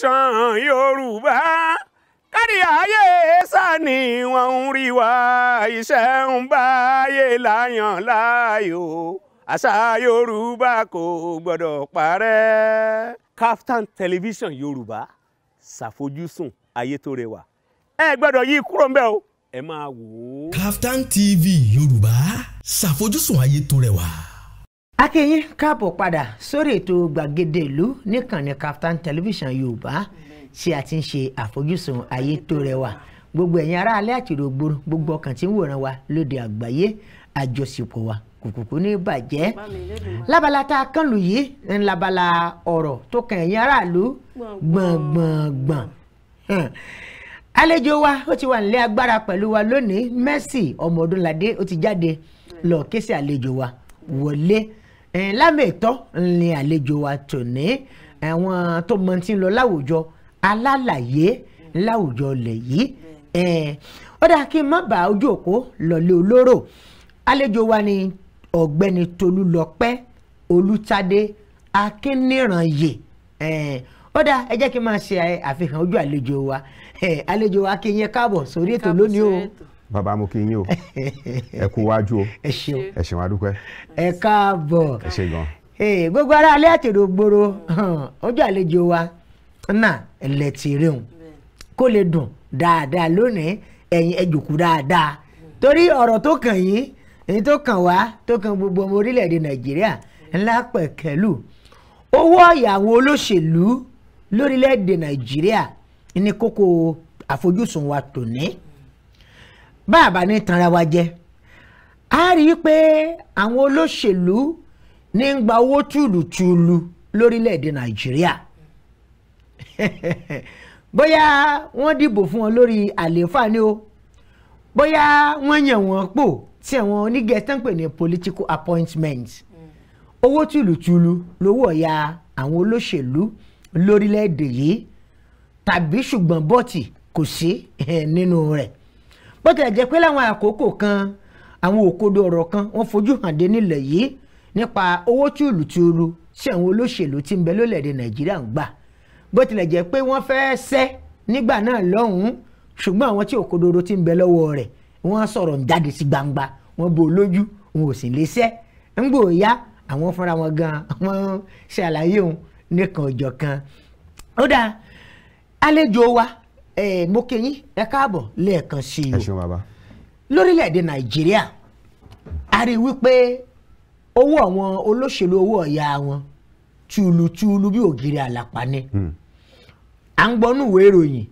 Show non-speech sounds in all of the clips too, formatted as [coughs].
tẹ̀sán yorùbá kárí ayé sani wọn ń rí wa iṣẹ́ ń bá láyàn láàyò àṣà yorùbá kò gbọ́dọ̀ parẹ́. Kaftan television yorùbá ṣàfojúsùn ayé tó rẹwà ẹ gbọ́dọ̀ yí kúrò ń bẹ̀ o ẹ máa wò ó. Kaftan TV yorùbá ṣàfojúsùn ayé tó rẹwà akẹ́yìn káàbọ̀ padà sórí ètò gbàgede ìlú níkànnì Kaftan television yorùbá ṣé a ti ń ṣe àfojúsùn ayé tó rẹwà gbogbo ẹ̀yin ará alẹ́ àtìrò gbòòrò gbogbo ọkàn tí ń wòran wa lóde àgbáyé àjọṣepọ̀ wa kùkùkù ní bàjẹ́ lábala tá a kàn lù yìí ń labala ọ̀rọ̀ tó kàn ẹ̀yin aráàlú gbọ̀ngbọ̀ngbọ̀n àlejò wa ó ti wà nílé agbára pẹ̀lú wa lónìí Mercy Ọmọdúnladé ó ti jáde lọ ké sí wa wọlé. Mm lámẹ̀tọ́ ni àlejò wa tòní àwọn tó mọ tí ń lọ láwùjọ alálàyé láwùjọ lẹ̀ yìí ó dáa kí n má bàa ojú òpó lọ́lé olóró àlejò wa ni ọ̀gbẹ́ni Tolúlọpẹ́ Olútádé Akínníranyè ó dáa ẹ jẹ́ kí n máa ṣe àfihàn ojú àlejò wa àlejò wa kí n yẹ káàbọ̀ sórí ètò lónìí o. baba mo kí yín o ẹ kú wájú o ẹ ṣeun ẹ ṣeun adúpẹ́. ẹ káàbọ̀ ẹ ṣe gan. gbogbo ara alẹ́ àtèrò gbòòrò ọjọ́ àlejò wa náà ẹlẹ́tìrìhùn kó lè dùn dáadáa lónìí Ẹ̀yìn ẹ jòkó dáadáa torí ọ̀rọ̀ tó kàn yín èyí tó kàn wá tó kàn gbogbo ọmọ orílẹ̀-èdè nàìjíríà ńlá pẹ̀kẹ́lù owó ọ̀yà àwọn olóṣèlú lórílẹ̀-èdè nàìjíríà ní kókó àfojúsùn wa tòní. Mm bàbá ní tanra wa jẹ a rí i pé àwọn olóṣèlú ní ń gba owó tùlùtùlù lórílẹ̀‐èdè nàìjíríà [laughs] bóyá wọ́n dìbò fún wọn lórí àlééfà ni o bóyá wọ́n yàn wọ́n pò tí àwọn onígẹ̀ẹ́tàn pè ní political appointment owó tùlùtùlù lówó ọ̀yà àwọn olóṣèlú lórílẹ̀‐èdè yìí tàbí ṣùgbọ́n bọ́ọ̀tì kò sí [laughs] nínú rẹ̀ bó tilẹ̀ jẹ́ pé láwọn àkókò kan àwọn òkodo ọ̀rọ̀ kan wọ́n fojú hàn dé nílẹ̀ yìí nípa owó tí olùtúru sí àwọn olóṣèlú tí ń bẹ lólẹ̀dẹ̀ nàìjíríà ń gbà bó tilẹ̀ jẹ́ pé wọ́n fẹ́ sẹ́ nígbà náà lọ́hùn-ún ṣùgbọ́n àwọn tí òkodoro ti ń bẹ lọ́wọ́ rẹ̀ wọ́n sọ̀rọ̀ ń jáde sí gbangba wọ́n bo lójú wọn ò sì lè sẹ́ ń gbò ya àwọn fúnra wọn gan wọ́n ṣàlàyé òun nìkan ọjọ́ kan ó dáa àlejò wa mo kí yín ẹ káàbọ̀ lẹ́ẹ̀kan sí i o lórílẹ̀‐èdè nàìjíríà a rí i wípé owó àwọn olóṣèlú owó ọ̀yà wọn túlùtúlù bí ògiri àlàpà ni hmm. à ń gbọ́ núwèé ìròyìn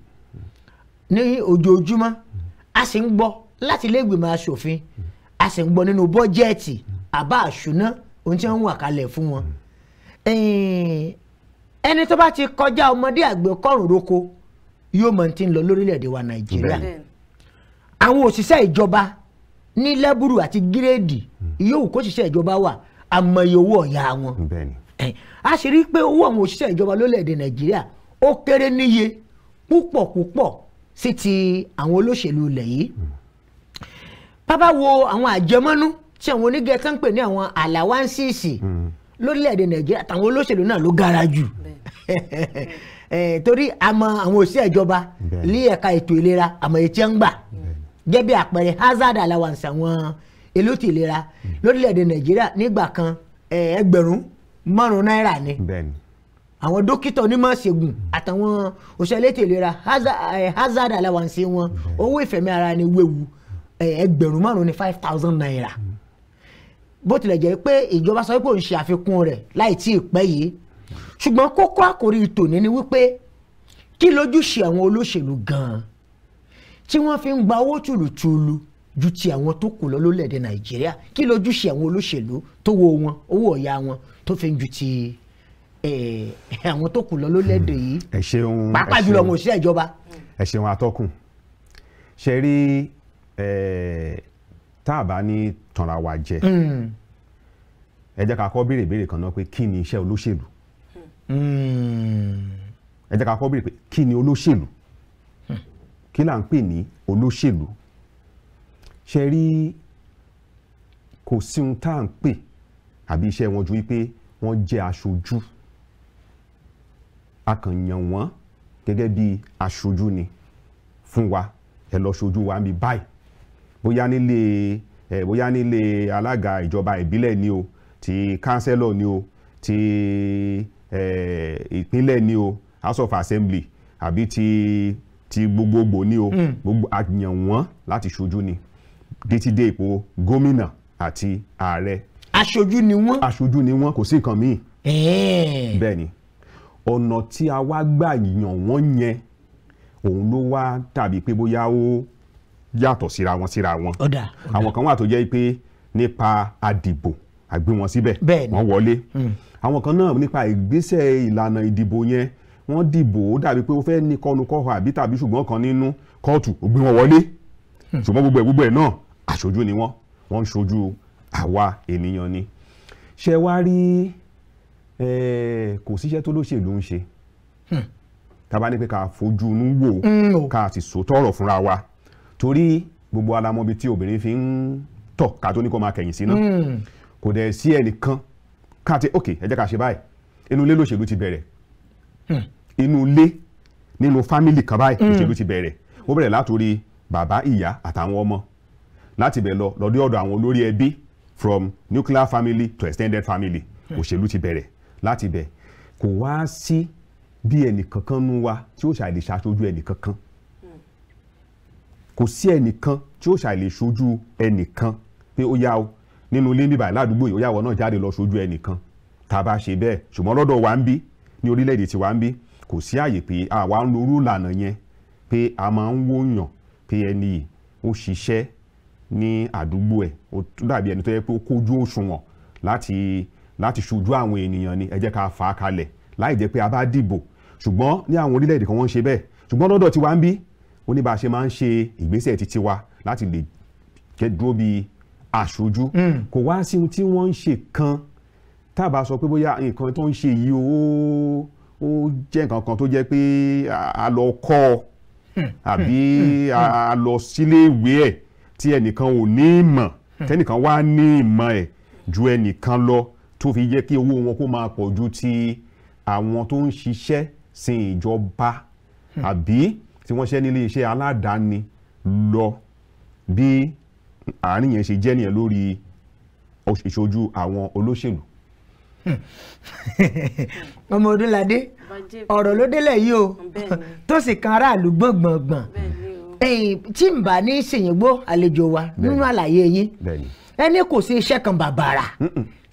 ní ojoojúmọ́ a sì ń gbọ́ láti iléègbìmọ̀ asòfin a sì ń gbọ́ nínú bọ́jẹ́ẹ̀tì àbá àṣùná ohun tí wọ́n ń wà kalẹ̀ fún wọn hmm. ẹni tó bá ti kọjá ọmọdé àgbẹ̀ kọ́rùn-ún roko yóò mọ̀ tí ń lọ lórílẹ̀‐èdè wa nàìjíríà àwọn òṣìṣẹ́ ìjọba ní lẹ́bùrù àti gírèdì hmm. yóò kó òṣìṣẹ́ ìjọba wà àmọye owó ọ̀yà wọn a sì rí i pé owó àwọn òṣìṣẹ́ ìjọba lórílẹ̀‐èdè nàìjíríà ó kéré níye púpọ̀ púpọ̀ sí ti àwọn olóṣèlú ilẹ̀ yìí hmm. bàbá wo àwọn àjẹmọ́nú tí àwọn onígẹ̀ kan pè ní àwọn àlàwáńsíìsì hmm. lórílẹ̀‐èdè nàìjíríà àtàwọn olóṣèlú náà ló gara jù [laughs] torí àmọ́ àwọn òṣìṣẹ́ ìjọba ní ẹ̀ka ètò ìlera àmọ́ ètí ń gbà gẹ́gẹ́ bí àpẹẹrẹ hazard allowance àwọn elétò ìlera hmm. lórílẹ̀‐èdè nàìjíríà nígbà kan ẹgbẹ̀rún márùn náírà ni àwọn dókítà onímọ̀ ṣègùn àtàwọn òṣìṣẹ́ elétò ìlera hazard allowance wọn owó ìfẹ̀mí ara ni wéwu ẹgbẹ̀rún márùn ni five thousand naira hmm. bó tilẹ̀ jẹ́ pé ìjọba sọ pé òun ṣe àfikún rẹ̀ láì tí ì pẹ́ yìí ṣùgbọ́n kókó àkòrí tòní ni wípé kí lójúṣe àwọn olóṣèlú gan-an tí wọ́n fi ń gba owó tùlùtùlù ju ti àwọn tó kù lọ lólẹ̀dẹ̀ nàìjíríà kí lójúṣe àwọn olóṣèlú tó wo wọn owó ọ̀yà wọn tó fi ń ju ti àwọn tó kù lọ lólẹ̀dẹ̀ hmm. yìí pàápàá jùlọ àwọn òṣìṣẹ́ ìjọba. ẹ ṣeun atọ́kùn ṣe rí tá a bá ní tanra wa jẹ hmm. ẹ jẹ́ ká kọ́ béèrè béèrè kan náà pé kí ni iṣẹ́ olóṣèlú Hmm. ẹ jẹ́ ká kọ́ bèrè pé kí ni olóṣèlú hmm. kí là ń pè ní olóṣèlú ṣe rí kò sí ohun tá à ń pè àbí iṣẹ́ wọn ju wípé wọ́n jẹ́ aṣojú a wọ́n gẹ́gẹ́ bí aṣojú ni fún wa ẹ lọ ṣojú wa mi báyìí bóyá nílé ẹ bóyá nílé alága ìjọba ìbílẹ̀ ni o ti kánsẹ́lọ̀ ni o ti Eh, ìpínlẹ̀ ni o house of assembly àbí ti ti gbogbogbò ni o hmm. gbogbo àyàn wọn láti ṣojú ni títí dé ipò gómìnà àti ààrẹ. aṣojú ni wọn. aṣojú ni wọn kò sí nǹkan míì. bẹ́ẹ̀ ni ọ̀nà tí a wá gbà yàn wọ́n yẹn òun ló wá dàbí pé bóyá ó yàtọ̀ síra wọn síra wọn. ọ̀dà ọ̀dà àwọn kan wà tó jẹ́ pé nípa àdìbò àgbé wọn síbẹ̀ wọ́n wọlé hmm. àwọn kan náà nípa ìgbésẹ̀ ìlànà ìdìbò yẹn wọ́n dìbò ó dàbí pé ó fẹ́ ní kọnukọ́họ àbí tàbí ṣùgbọ́n kan nínú kóòtù ó gbé wọn wọlé hmm. ṣùgbọ́n gbogbo ẹ̀ gbogbo ẹ̀ náà aṣojú ni wọ́n wọ́n ń ṣojú àwa ènìyàn ni ṣe wá rí kò síṣẹ́ tó lóṣèlú ń ṣe hmm. tá bá ní pé ká fojú inú wò ká sì sòótọ́ ọ̀rọ̀ fúnra wa torí gbogbo alamọbi tí obìnrin fi ń tọ̀ ká tó ní kó máa kẹ̀yìn sí náà kò dẹ̀ sí ẹnìkan káàtì ok ẹ jẹ́ ká ṣe báyìí inú ilé lòṣèlú ti bẹ̀rẹ̀ hmm. inú ilé nínú fámìlì kan báyìí hmm. lòṣèlú ti bẹ̀rẹ̀ ó bẹ̀rẹ̀ látòrí bàbá ìyá àtàwọn ọmọ láti bẹ̀ lọ lọ́dí ọ̀dọ̀ àwọn olórí ẹbí from nuclear family to extended family hmm. òṣèlú ti bẹ̀rẹ̀ láti bẹ̀ kò wá sí bí ẹnìkankan nu wa tí ó ṣàìlè ṣàṣojú ẹnìkankan kò sí ẹnìkan tí ó ṣàìlè ṣojú ẹnìkan pé ó yá o nínú ilé níbàá ládùúgbò yìí ó yàwọ̀ náà jáde lọ sójú ẹnìkan tá a bá ṣe bẹ́ẹ̀ ṣùgbọ́n lọ́dọ̀ wa ń bí ní orílẹ̀-èdè tí wa ń bí kò sí àyè pé àwa ń lo orú ìlànà yẹn pé a máa ń wòyàn pé ẹni yìí ó ṣiṣẹ́ ní àdúgbò ẹ̀ ó dàbí ẹni tó yẹ pé ó kójú òṣùwọ̀n láti láti ṣojú àwọn ènìyàn ni ẹ jẹ́ ká fà á kalẹ̀ láì jẹ́ pé a bá dìbò ṣùgbọ́n ní àwọn orílẹ̀-èdè kan wọ́n ń ṣe bẹ́ẹ̀ ṣùgbọ́n lọ́dọ̀ tiwa ń bí ó máa ń ṣe ìgbésẹ̀ titi wa láti lè dúró bíi aṣojú hmm. kò wá sí ohun tí wọ́n ń ṣe kan tá a bá sọ pé bóyá nǹkan tó ń ṣe yìí ó jẹ́ nǹkan kan tó jẹ́ pé a lọ kọ́ ọ hmm. àbí hmm. a lọ sílé ìwé ẹ̀ tí ẹnìkan ò ní ìmọ̀ tẹ́nìkan wá ní ìmọ̀ ẹ̀ ju ẹnìkan lọ tó fi jẹ́ kí owó wọn kó máa pọ̀ ju ti àwọn tó ń ṣiṣẹ́ sin ìjọba àbí tí wọ́n ṣe nílé iṣẹ́ aládàáni lọ bí àárín yẹn ṣe jẹ́ nìyẹn lórí ìṣojú àwọn olóṣèlú. [laughs] ọmọ Odúnládé ọ̀rọ̀ ló délẹ̀ yìí o tó sì kan aráàlú gbọ̀ngbọ̀ngbọ̀n tí n bá ní ṣèyìnbó àlejò wa nínú àlàyé yín ẹni kò sí iṣẹ́ kan bàbàrà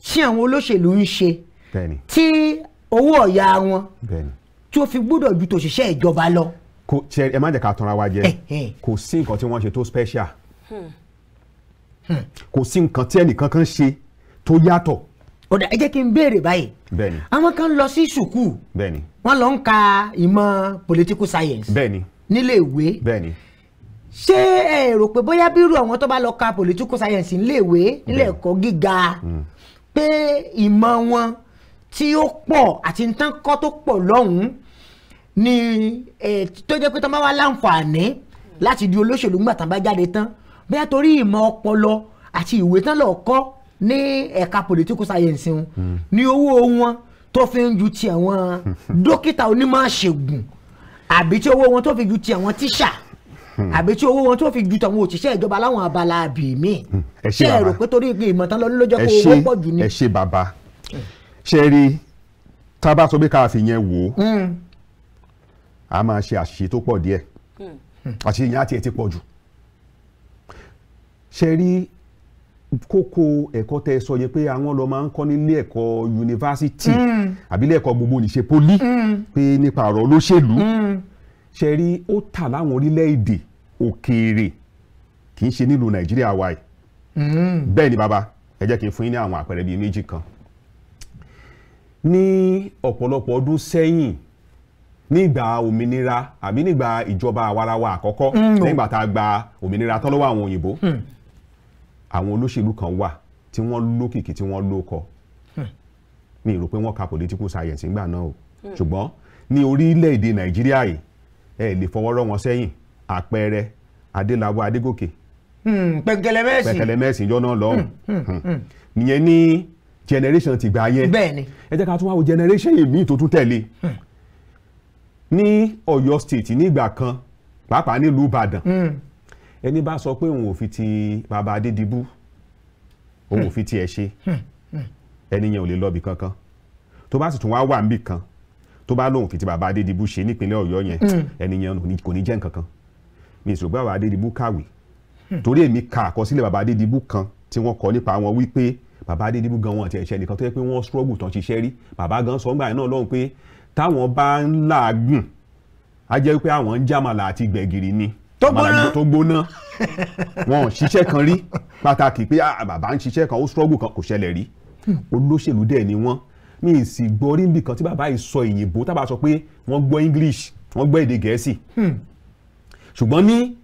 tí àwọn olóṣèlú ń ṣe tí owó ọ̀yà wọn tí ó fi gbọ́dọ̀ ju tòṣìṣẹ́ ìjọba lọ. ẹ má jẹ́ ká tanra wa jẹ kò sí nǹkan tí wọ́n ṣe tó special. Hmm. Hmm. kò sí nǹkan tí ẹnìkan kan ṣe tó yàtọ̀. ọ̀dà ẹ jẹ́ kí n béèrè báyìí. bẹ́ẹ̀ni. àwọn kan lọ sí sùkúù. bẹ́ẹ̀ni. wọ́n lọ ń ka ìmọ̀ political science. bẹ́ẹ̀ni. nílé ìwé. bẹ́ẹ̀ni. ṣé ẹ rò pé bóyá bírú àwọn tó bá lọ ka political science nílé ìwé nílé ẹ̀kọ́ gíga hmm. pé ìmọ̀ wọn tí ó pọ̀ àti nǹkan kọ́ tó pọ̀ lọ́hùn-ún ni tó jẹ́ pé tó máa wá láǹfààní láti di olóṣèlú ńgbà bá jáde tán bẹ́ẹ̀ torí ìmọ̀ ọpọlọ àti ìwé tán lọ kọ́ ní ẹ̀ka political science wọn hmm. ní owó wọn tó fi ń ju ti àwọn [laughs] dókítà onímọ̀ ṣègùn àbí tí owó wọn tó fi ju ti àwọn tíṣà hmm. àbí tí owó wọn tó fi ju tàwọn òṣìṣẹ́ ìjọba láwọn abala àbí mi. Hmm. ẹ ṣe bàbá ṣe ẹ rò pé torí ìmọ̀tán lọ́dún ló jẹ́ kó owó pọ̀ jù ni. ẹ ṣe bàbá ṣe rí tá a bá ká fi yẹn wò ó a máa ṣe àṣìṣe tó pọ̀ díẹ̀ àṣìṣe yẹn á tiẹ̀ ti pọ̀ jù ṣe rí kókó ẹ̀kọ́ tẹ́ ẹ sọ yẹn pé àwọn lọ máa ń kọ́ nílé ẹ̀kọ́ yunifásitì mm. àbí ẹ̀kọ́ gbogbo nìṣe poli mm. pé nípa ọ̀rọ̀ olóṣèlú mm. ṣe rí ó tà láwọn orílẹ̀-èdè òkèèrè kì í ṣe nílùú nàìjíríà wa yìí bẹ́ẹ̀ ni bàbá ẹ jẹ́ kí n fún yín ní àwọn àpẹẹrẹ bíi méjì kan ní ọ̀pọ̀lọpọ̀ ọdún sẹ́yìn nígbà òmìnira àbí nígbà ìjọba àwarawa àkọ́kọ́ nígbà tá a gba òmìnira tán àwọn òyìnbó àwọn olóṣèlú kan wà tí wọ́n lókìkí tí wọ́n lókọ hmm. mi rò pé wọ́n ka political science ńgbà náà o hmm. ṣùgbọ́n ní orílẹ̀-èdè nàìjíríà yìí ẹ lè fọwọ́ rọ́ wọn sẹ́yìn àpẹẹrẹ adélabọ adégòkè hmm, pẹ̀kẹ̀lẹ̀ mẹ́sìn pẹ̀kẹ̀lẹ̀ mẹ́sìn jọ náà lọ́hùn nìyẹn ní generation ti gbà yẹn bẹ́ẹ̀ni ẹ jẹ́ ká tún wá wo generation yìí míì tó tún tẹ̀lé ní ọ̀yọ́ state ní ìgbà kan pàápàá nílùú ìbàdàn ẹni bá sọ pé òun ò fi ti bàbá Adédìbú òun ò fi tiẹ̀ ṣe ẹni yẹn ò lè lọ́ọ̀bì kankan tó bá sì tún wá wà níbì kan tó bá lóun fi ti bàbá Adédìbú ṣe nípínlẹ̀ Ọ̀yọ́ yẹn hmm. ẹni yẹn kò ní jẹ́ nǹkan kan mi ì Adédìbú kàwé torí èmi ka àkọsílẹ̀ bàbá Adédìbú kan tí wọ́n kọ nípa wọn wípé bàbá Adédìbú gan wọn àti ẹ̀ṣẹ̀ nìkan tó yẹ pé wọ́n struggle tán ṣiṣẹ́ rí bàbá gan sọ ńgbà náà lọ́hùn pé táwọn bá ń làágùn á jẹ́ pé àwọn ń jàmàlà àti gbẹ̀gìrì ni tó gbóná tó gbóná wọn ò ṣiṣẹ́ kan rí pàtàkì pé ah, bàbá ń ṣiṣẹ́ kan ó struggle kan kò ṣẹlẹ̀ rí olóṣèlú dẹ̀ ni wọ́n mi ì sì gbọ́ rí nbìkan tí bàbá yìí sọ ìyìnbó tábà sọ pé wọ́n gbọ́ English wọ́n gbọ́ èdè Gẹ̀ẹ́sì hmm. ṣùgbọ́n ní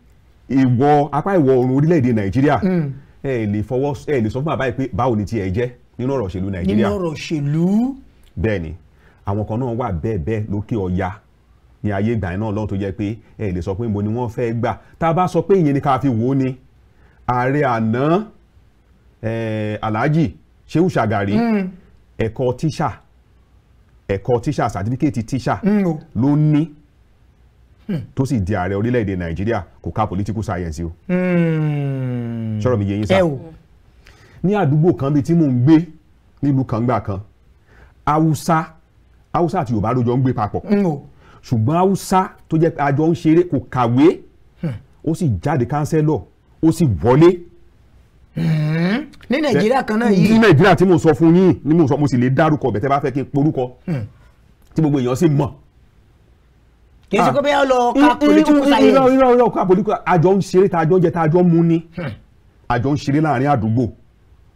ìwọ apá ìwọ oòrùn orílẹ̀-èdè Nàìjíríà hmm. ẹ lè fọwọ́ ẹ lè sọ fún bàbá yìí pé báwo ni tiẹ̀ jẹ́ nínú ọ̀rọ̀ òṣèlú Nàìjíríà nínú ọ̀rọ̀ òṣèlú bẹ́ẹ̀ ni àwọn kan náà wà bẹ́ẹ̀ bẹ́ẹ̀ lókè ọya ní ayé ìgbà náà lọ́wọ́ tó jẹ́ pé ẹ lè sọ pé mo ni wọ́n fẹ́ gbà tá a bá sọ pé ìyẹn ni ká fi wò ó ni ààrẹ àná Alhaji Shehu Shagari hmm. ẹ̀kọ́ tíṣà ẹ̀kọ́ tíṣà sàtífíkẹ́ẹ̀tì tíṣà hmm, ló ní hmm. tó sì di ààrẹ orílẹ̀-èdè Nàìjíríà kò ká political science o sọ̀rọ̀ mi yé yín sá ní àdúgbò kan bíi tí mò ń gbé nílùú kan gbà kan Haúsá Haúsá àti Yorùbá ló jọ ń gbé papọ̀ ṣùgbọ́n haúsá tó jẹ́ pé àjọ ń ṣeré kò kàwé hmm. ó sì jáde kánsẹ́lọ̀ ó sì wọlé. Hmm. ní nàìjíríà kan náà yìí. ní nàìjíríà tí mo sọ fún yín ni mo sọ mo sì lè dárúkọ bẹ̀tẹ̀ bá fẹ́ kí n porúkọ hmm. tí gbogbo èèyàn sì mọ̀. kì í ṣe ah. pé bẹ́ẹ̀ lọ ká political science. irọ́ irọ́ irọ́ ká political àjọ ń ṣeré tá àjọ ń jẹ tá àjọ ń mu ni àjọ ń ṣeré láàrin àdúgbò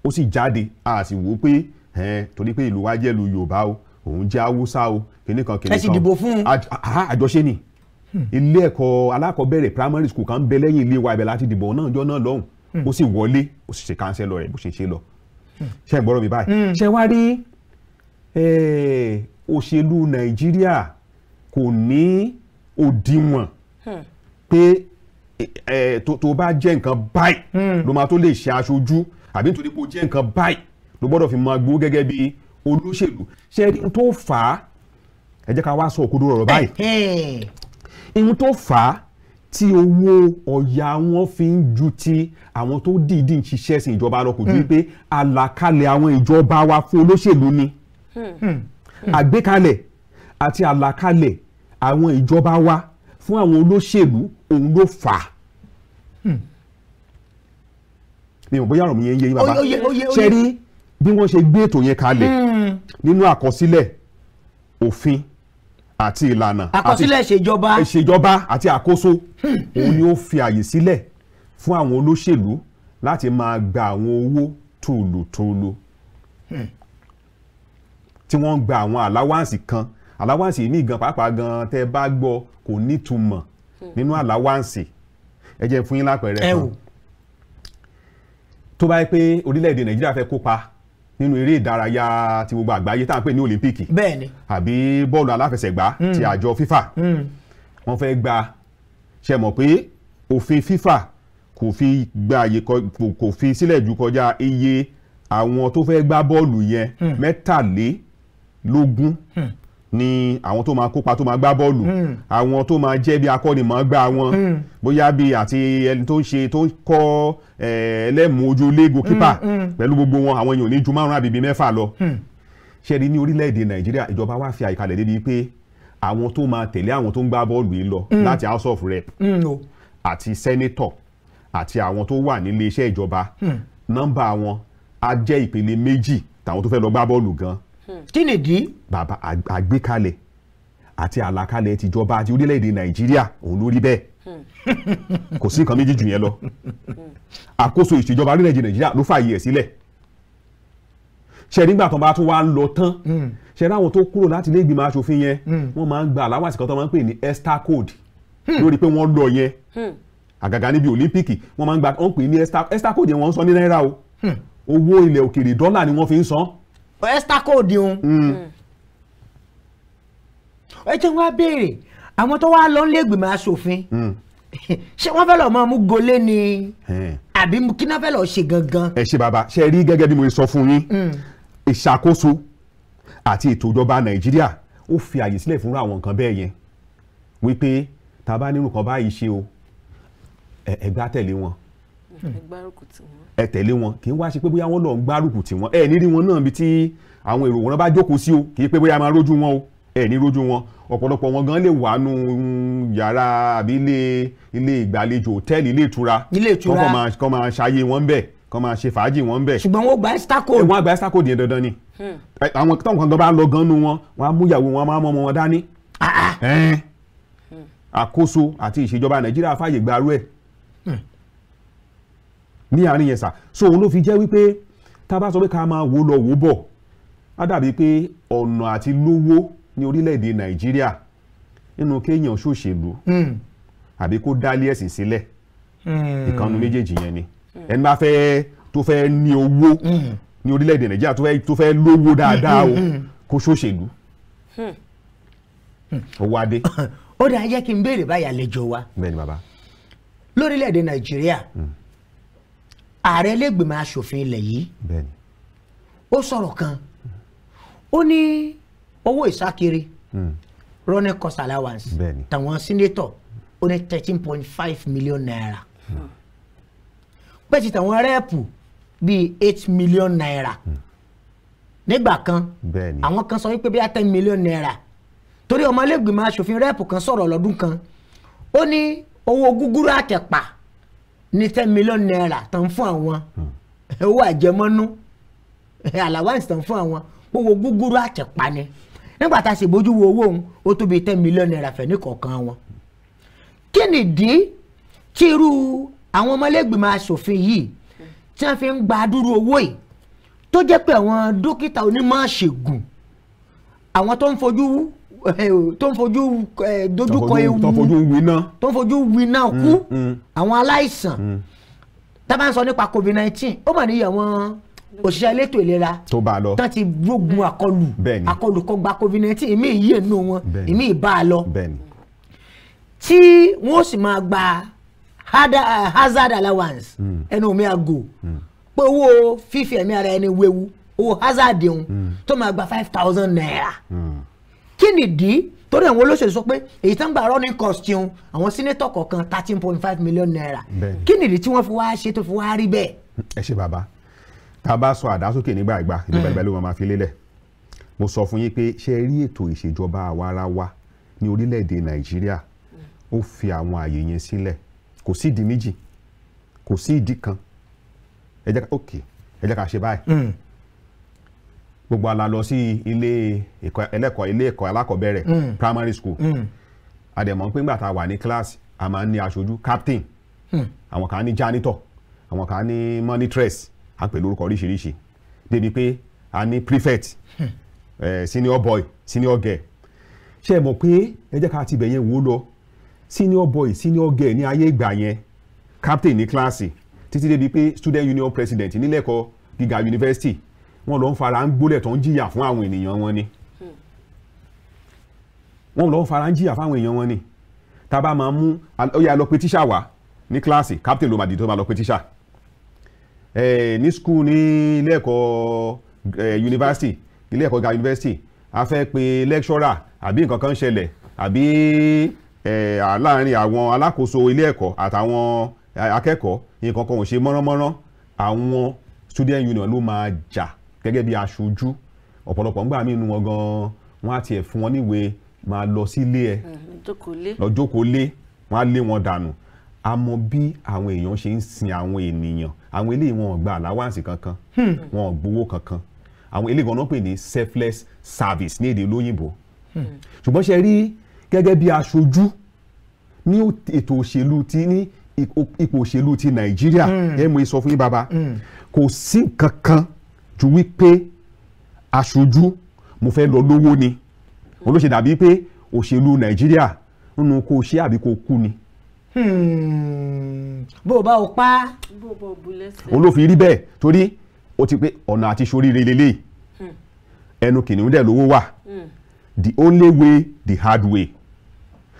ó sì jáde a sì wò ó pé torí pé ìlú wa jẹ́ ìlú yorùbá o òun jẹ́ haúsá o kìnnì kan kìnnì kan ẹ ti dìbò fún un àjọṣe ni ilé ẹ̀kọ́ alákọ̀ọ́bẹ̀rẹ̀ primary school kan bẹ lẹ́yìn ilé wa ibẹ̀ láti dìbò náà jọ náà lọ́hùn hmm. ó sì wọlé ó sì ṣe kánsẹ́lọ̀ rẹ̀ bó ṣe ṣe lọ hmm. ṣe ìgbọ́rọ̀ mi báyìí hmm. ṣe wá rí eh, òṣèlú nàìjíríà kò ní òdiwọ̀n pé eh, eh, tó bá jẹ́ nǹkan báyìí ló máa tó lè ṣe aṣojú àbí nítorí pé jẹ́ nǹkan báyìí ló gbọ́dọ̀ fi máa gbó gẹ́gẹ́ bíi olóṣèlú ṣe é tó fà á ẹ jẹ́ ká wá sọ òkodo rọ̀rọ̀ báyìí ihun tó fà á tí owó ọ̀yà wọn fi ń ju ti àwọn tó dìídì ń ṣiṣẹ́ sí ìjọba lọ kò ju hmm. pé àlàkalẹ̀ àwọn ìjọba wa fún olóṣèlú ni hmm. Hmm. àgbékalẹ̀ àti àlàkalẹ̀ àwọn ìjọba wa fún àwọn olóṣèlú òun ló fà á. mi ò bóyá ọ̀rọ̀ mi yẹn yé yín bàbá ṣe bí wọ́n ṣe gbé ètò yẹn kalẹ̀ nínú àkọsílẹ̀ òfin àti ìlànà àkọsílẹ̀ ìṣèjọba ìṣèjọba àti àkóso hmm. òun ni ó fi àyè sílẹ̀ fún àwọn olóṣèlú láti máa gba àwọn owó tòlótòló hmm. tí wọ́n ń gba àwọn àláwáǹsì kan àláwáǹsì yìí ní ìgan pàápàá gan tẹ́ bá gbọ́ kò nítumọ̀ hmm. nínú àláwáǹsì ẹ jẹ́ fún yín lápẹẹrẹ kan tó bá yẹ pé orílẹ̀-èdè Nàìjíríà fẹ́ kópa nínú eré ìdárayá ti gbogbo àgbáyé tá à ń pè ní olympic bẹ́ẹ̀ni àbí bọ́ọ̀lù aláfẹsẹ̀gbá hmm. ti àjọ fifa hmm. wọ́n fẹ́ gba ṣe mọ̀ pé òfin fifa kò fi gba àyè kò fi sílẹ̀ jù kọjá iye àwọn tó fẹ́ gbá bọ́ọ̀lù yẹn hmm. mẹ́tàlélógún ni àwọn tó máa kópa tó máa gbá bọ́ọ̀lù hmm. àwọn tó máa jẹ́ bí akọ́nimọ̀ọ́gbá wọn hmm. bóyá bí àti ẹni tó ń ṣe tó ń kọ́ ẹlẹ́mùú ojú léego hmm, kípà pẹ̀lú gbogbo wọn àwọn èèyàn ní ju márùn-ún àbíbí mẹ́fà lọ ṣẹ́ni ní orílẹ̀-èdè nàìjíríà ìjọba wa fi àyíkalẹ̀ débi pé àwọn tó máa tẹ̀lé àwọn tó ń gbá bọ́ọ̀lù yìí lọ láti house of rep àti senator àti àwọn tó wà nílé iṣẹ́ ìjọba nọ́mbà wọn á jẹ́ ìpele méjì tàwọn tó fẹ́ lọ gbá bọ́ọ̀lù gan kí nìdí bàbá àgbékalẹ̀ àti àlàkalẹ̀ tìjọba àti orílẹ̀-èdè nàìjíríà òun ló rí bẹ́ẹ̀ hmm. kò sí nǹkan méjì jù yẹn lọ hmm. àkóso ìṣèjọba orílẹ̀-èdè nàìjíríà ló fààyè ẹ̀ sílẹ̀ ṣe nígbà tó bá tún wá lọ tán hmm. ṣe ráwọn tó kúrò láti ilé ìgbìmọ̀ asòfin yẹn wọ́n máa ń gba aláwàsí kan tó máa ń pè ní ester code lórí pé wọ́n lọ yẹn àgàgà níbi olympic wọ́n máa ń gba wọ́n pè ní ester code yẹn wọ́n ń san ní náírà o owó ilẹ̀ òkèèrè dọ́là ni wọ́n fi ń san ẹ́sítá kóòdì òun hmm. hmm. ẹ jẹ́ wá béèrè àwọn tó wá lọ ń lẹ́gbẹ̀mọ aṣòfin hmm. [laughs] ṣé wọ́n fẹ́ lọ́ọ́ máa mú gọlé ni àbí kí náà fẹ́ lọ́ọ́ ṣe gangan. ẹ ṣe bàbá ṣe rí gẹ́gẹ́ bí mo sọ fún yín ìṣàkóso àti ètò ìjọba nàìjíríà ó fi àyè sílẹ̀ fúnra àwọn nǹkan bẹ́ẹ̀ yẹn wípé tá a bá nírú kan báyìí ṣe o ẹgbẹ́ àtẹ̀lé wọn. ẹgbẹ́ àrùkù tí wọ́n ẹ tẹ̀lé wọn kì í wá ṣe pé bóyá wọ́n lọ ń gbárùkù tì wọ́n ẹ ní rí wọn náà bí tí àwọn èrò wọn bá jókòó sí o kì í pé bóyá máa rójú wọn o ẹ ní rójú wọn ọ̀pọ̀lọpọ̀ wọn gan lè wà nù yàrá àbí ilé ilé ìgbàlejò hòtẹ́ẹ̀lì ilé ìtura ilé ìtura kọ́ máa ṣayé wọn bẹ́ẹ̀ kọ́ máa ṣe fàájì wọn bẹ́ẹ̀. ṣùgbọ́n wọ́n gba extra code. wọ́n gba extra code yẹn dandan ni. Hmm. àwọn tó nǹkan kan bá lọ gan nu wọn wọn á mú ìyàwó wọn á máa mọ ọmọ wọn dání. Ah, ah. Hmm. àkóso àti ìṣèjọba nàìjíríà fàyè gbarú ẹ̀ ní àárín yẹn sà so òun ló fi jẹ́ wípé tá a bá sọ pé ká máa wò lọ wò bọ̀ á dàbí pé ọ̀nà àti lówó ní orílẹ̀-èdè nàìjíríà nínú kéèyàn ṣòṣèlú hmm. àbí kó dálé ẹ̀sìn sílẹ̀ hmm. ìkànnì méjèèjì yẹn ni ẹni bá fẹ́ tó fẹ́ ní owó hmm. ní orílẹ̀-èdè nàìjíríà tó fẹ́ lówó dáadáa o kó ṣòṣèlú owó adé. [coughs] ó dáa jẹ́ kí n béèrè báyà lẹ́jọ́ wa lórílẹ̀-èdè nàìjíríà. Mm ààrẹ lẹ́gbẹ̀mọ asòfin ilẹ̀ yìí ó sọ̀rọ̀ kan ó ní owó ìsákiri hmm. ronny cost allowance tàwọn sínétọ̀ ó ní thirteen point five million naira hmm. pẹ̀sì tàwọn rẹ́ẹ̀pù bíi eight million naira hmm. nígbà kan àwọn kan sọ wípé bíi ten million naira torí ọmọ lẹ́gbẹ̀mọ asòfin rẹ́ẹ̀pù kan sọ̀rọ̀ lọ́dún kan ó ní owó gúgúrú àtẹ̀pà ní ten million naira tán fún àwọn hmm. owó àjẹmọ́nú eh, allowance tán fún àwọn owó gúgúrú àtẹ̀pá ni nígbà tá a sì bójú wo owó òun ó tó bíi ten million naira fẹ̀ ní kọ̀ọ̀kan wọn. kí nìdí tí irú àwọn ọmọlẹ́gbìmọ̀ asòfin yìí tí wọ́n fi ń gba dúró owó yìí tó jẹ́ pé àwọn dókítà onímọ̀ ṣègùn àwọn tó ń fojú tó ń fojú dojú kọ ewu tó ń fojú winá tó ń fojú winá mm, kú mm. àwọn aláìsàn mm. tá a bá ń sọ nípa covid nineteen ó mà níyì àwọn òṣìṣẹ́ elétò ìlera tó bá a lọ tán ti gbógun àkọlù àkọlù kan gba covid nineteen ìmí ìyè nù wọn ìmí ìbá a lọ tí wọn ó sì máa gba hazard allowance ẹnu mi ago. pé owó fífi ẹ̀mí ara ẹni wewu owó hazard òun tó máa gba five thousand naira kí nìdí torí àwọn olóṣèlú sọ pé èyí tó ń gba running cost yẹn àwọn sínétọ̀ kọ̀ọ̀kan thirteen point five million naira kí nìdí tí wọ́n fi wá ṣe tó fi wá rí bẹ́ẹ̀. ẹ ṣe bàbá tá a bá sọ àdá sókè nígbà ìgbà ìgbà ìgbà ló máa fi lélẹ̀ mo sọ fún yín pé ṣe rí ètò ìṣèjọba àwarawa ní orílẹ̀-èdè nàìjíríà ó fi àwọn àyè yẹn sílẹ̀ kò sí ìdí méjì kò sí ìdí kan ẹ jẹ́ ká ṣe báyìí hmm gbogbo ala lọ sí ilé ẹlẹ́kọ̀ọ́ ilé ẹ̀kọ́ alákọ̀ọ́bẹ̀rẹ̀ mm. primary school àdèmọ̀ mm. pé ńgbà tá a wà ní kíláàsì a máa ń ní aṣojú captain mm. àwọn kan ní janitor àwọn kan ní monitress a pè lórúkọ oríṣiríṣi débi pé a ní prefect hmm. senior boy senior girl ṣe é mọ̀ pé ẹ jẹ́ ká ti bẹ̀ yẹn wò lọ senior boy senior girl ní ayé ìgbà yẹn captain ní kíláàsì títí débi pé student union president nílẹ̀kọ́ gíga university wọ́n lọ ń fara ń gbólẹ̀ tó ń jìyà fún àwọn ènìyàn wọn ni wọ́n lọ ń fara ń jìyà fún àwọn èèyàn wọn ni tá a bá máa mú ó yá lọ pé tíṣà wá ní kíláàsì captain ló máa dì máa lọ pé tíṣà ní school ní ilé ẹ̀kọ́ yunifásitì ilé ẹ̀kọ́ ga yunifásitì a fẹ́ pe lecturer àbí nǹkan kan ṣẹlẹ̀ àbí láàárín àwọn alákòóso ilé ẹ̀kọ́ àtàwọn akẹ́kọ̀ọ́ nǹkan kan ò ṣe mọ́ránmọ́rán àwọn student union ló máa jà gẹ́gẹ́ bí aṣojú ọ̀pọ̀lọpọ̀ ń gbà mí inú wọn gan wọn á tiẹ̀ fún wọn níwèé máa lọ sílé ẹ hm, lọ jókòó lé wọn á lé wọn dànù àmọ́ bí àwọn èèyàn ṣe ń sin àwọn ènìyàn àwọn eléyìí wọn ò gba àláwáǹsì kankan hm. wọn ò gbowó kankan àwọn eléyìí gan náà pè ní selfless service ní èdè olóyìnbó hm. ṣùgbọ́n ṣe rí gẹ́gẹ́ bí aṣojú ní ètò òṣèlú ti ní ipò òṣèlú ti nàìjíríà ẹ mú fún yín bàbá kò sí kankan ju wípé aṣojú mo fẹ́ lọ lówó ni mo ló ṣe dàbí pé òṣèlú nàìjíríà nínú kó ṣe àbí kó kú ni. Hmm. bó o bá o pa. bó o bá o bu lẹ́sẹ̀. olófin rí bẹ́ẹ̀ torí ó ti pé ọ̀nà àti ṣoríire lélẹ̀ hmm. ẹnu kìnìún dẹ̀ lówó wà hmm. the only way the hard way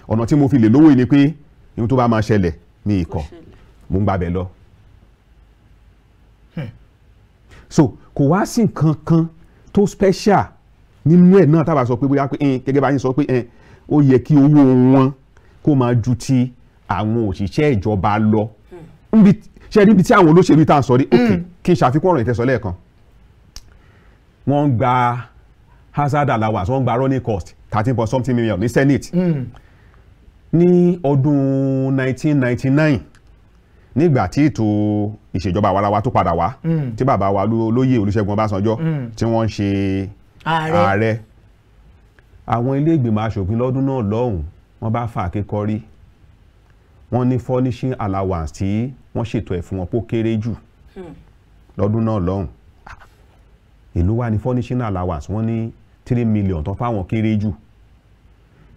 ọ̀nà tí mo fi lè lówó yìí ni pé ihun tó bá máa ṣẹlẹ̀ mi ì mo ń gbàbẹ̀ lọ. so kò wá sí nǹkan kan tó special nínú ẹ̀ náà tábà sọ pé bóyá pé eh, gẹ́gẹ́ bá yín sọ pé eh, ó yẹ kí owó wọn kó máa ju ti àwọn òṣìṣẹ́ ìjọba lọ ṣe hmm. níbi tí àwọn olóṣèlú tá à ń sọ rí hmm. ok kí n ṣàfikún ọ̀rọ̀ ìtẹ̀sọ́ lẹ́ẹ̀kan wọ́n ń gba hazard allowance wọ́n ń gba running cost thirteen point something million ní senate hmm. ní ọdún nineteen ninety nine nígbà tí ètò ìṣèjọba àwarawa tó padà wá hmm. tí bàbá wa lóyè Olúṣẹ́gun Ọbásanjọ́ hmm. tí wọ́n ń ṣe ààrẹ àwọn ilé ìgbìmọ̀ asòfin lọ́dún náà lọ́hùn wọ́n bá fà kékọ́rí wọ́n ní furnishing allowance tí wọ́n ṣètò ẹ̀ fún wọn pó kéré jù hmm. lọ́dún náà lọ́hùn ìlú wa ní furnishing allowance wọ́n ní three million tán fáwọn kéré jù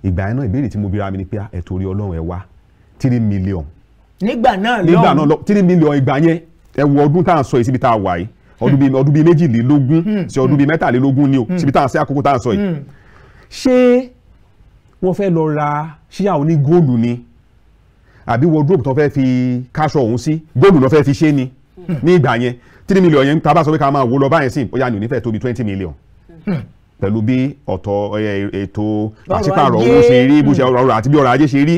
ìgbà yẹn náà ìbéèrè tí mo bira mi ni pé ẹ̀ torí Ọlọ́run ẹ wá three million nígbà náà lọ nígbà náà lọ three million ìgbà yẹn ẹ wo ọdún tá à ń sọ yìí síbi tá a wà yìí hmm. ọdún bíi ọdún bíi méjìlélógún sí hmm. ọdún bíi hmm. mẹ́tàlélógún ni o síbi tá à ń sẹ́ àkókò tá à ń sọ yìí ṣé wọ́n fẹ́ lọ ra ṣíyà òní góòlù ni àbí wardrobe tó fẹ́ fi káṣọ òun sí góòlù ló fẹ́ fi ṣe ni ní ìgbà yẹn three million yẹn tá a bá sọ pé ká máa wo lọ báyẹn sí ó yà ní onífẹ̀ẹ́ tóbi twenty million pẹ̀lú bí ọ̀tọ̀ eh, ètò àṣepàrọ̀ owó ṣe rí bó ṣe ọrọ̀ àti bí ọrọ̀ ajé ṣe rí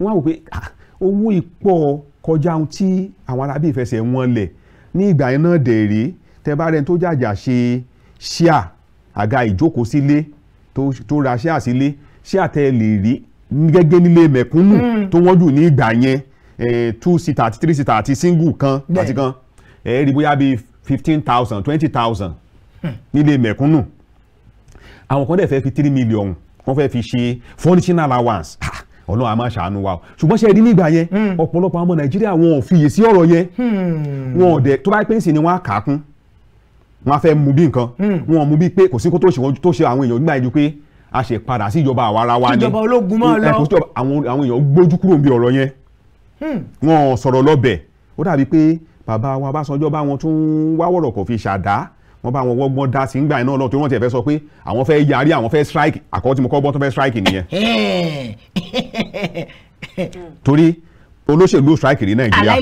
wọ́n á wò pé ah, owó ìpọ̀ kọjá ohun tí àwọn arábí ìfẹsẹ̀ wọn lẹ̀ ní ìgbà yẹn náà dẹ̀ rí tẹ́ bá rẹ̀ tó jàjà ṣe ṣíà àga ìjókòó sílé tó ra ṣíà sílé ṣíà tẹ́ lè rí gẹ́gẹ́ nílé mẹ̀kúnnù hmm. tó wọ́n jù ní ìgbà yẹn two seater àti three seater àti single kan àti kan ẹ rí bóyá bíi fifteen thousand twenty thousand hmm. nílé mẹ̀kúnnù àwọn kan dẹ̀ fẹ́ fi three million wọ́n fẹ́ fi ṣe furnishing allowance ọlọ́run a máa ṣàánú wa ṣùgbọ́n ṣe rí nígbà yẹn hmm. ọ̀pọ̀lọpọ̀ ọmọ nàìjíríà wọn ò fiyè sí ọ̀rọ̀ yẹn hmm. wọn ò dẹ̀ tó bá pẹ́ ń sìn ni wọ́n á kà á kún wọ́n á fẹ́ mú bí nǹkan hmm. wọn ò mú bí pé kò sí kó tó ṣe àwọn èèyàn nígbà yẹn ju pé a ṣe padà sí ìjọba àwa ara wa ni ìjọba ológun máa lọ àwọn èèyàn gbójú kúrò níbi ọ̀rọ̀ yẹn wọn sọ̀rọ̀ lọ́bẹ̀ ó dàbí pé bàbá wa Ọbásanjọ́ bá wọn tún wá wọ̀rọ̀ kò fi ṣàdá wọ́n bá wọn wọ́gbọ́n dá sí ngbà iná lọ torí wọ́n ti fẹ́ sọ pé àwọn fẹ́ yarí àwọn fẹ́ strike àkọ́kọ́ tí mo kọ́ bọ́ tó fẹ́ strike nìyẹn. [laughs] torí olóṣèlú strike rí ah, nàìjíríà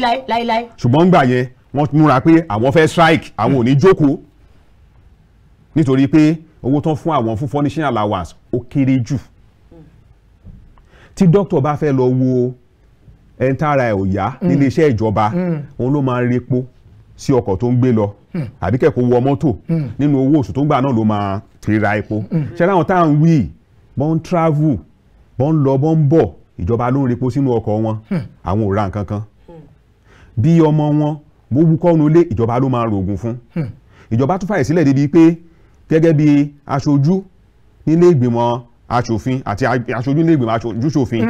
ṣùgbọ́n ngbà yẹn wọ́n múra pé àwọn fẹ́ strike àwọn ò ní jókòó nítorí pé owó tán fún àwọn fún furnishing allowance ó kéré jù tí dókítà bá fẹ́ lọ wo ẹni tára ẹ̀ ò yá mm. nílé iṣẹ́ ìjọba mm. òun ló máa ń repo sí ọkọ̀ tó ń gbé lọ hmm. àbí kẹ́kọ̀ọ́ wọ mọ́tò hmm. nínú owó oṣù tó ń gbà náà ló máa fi ra epo hmm. ṣé láwọn tá à ń wí bọ́n ń travel bọ́n ń lọ bọ́n ń bọ̀ ìjọba ló ń repo sínú ọkọ̀ wọn àwọn ò ra nǹkan kan bí ọmọ wọn bó wúkọ́ nu lé ìjọba ló máa rògùn fún ìjọba tún fàyè sílẹ̀ débi pé gẹ́gẹ́ bí aṣojú nílé ìgbìmọ̀ aṣòfin àti aṣojú nílé ìgbìmọ̀ aṣojú ṣòfin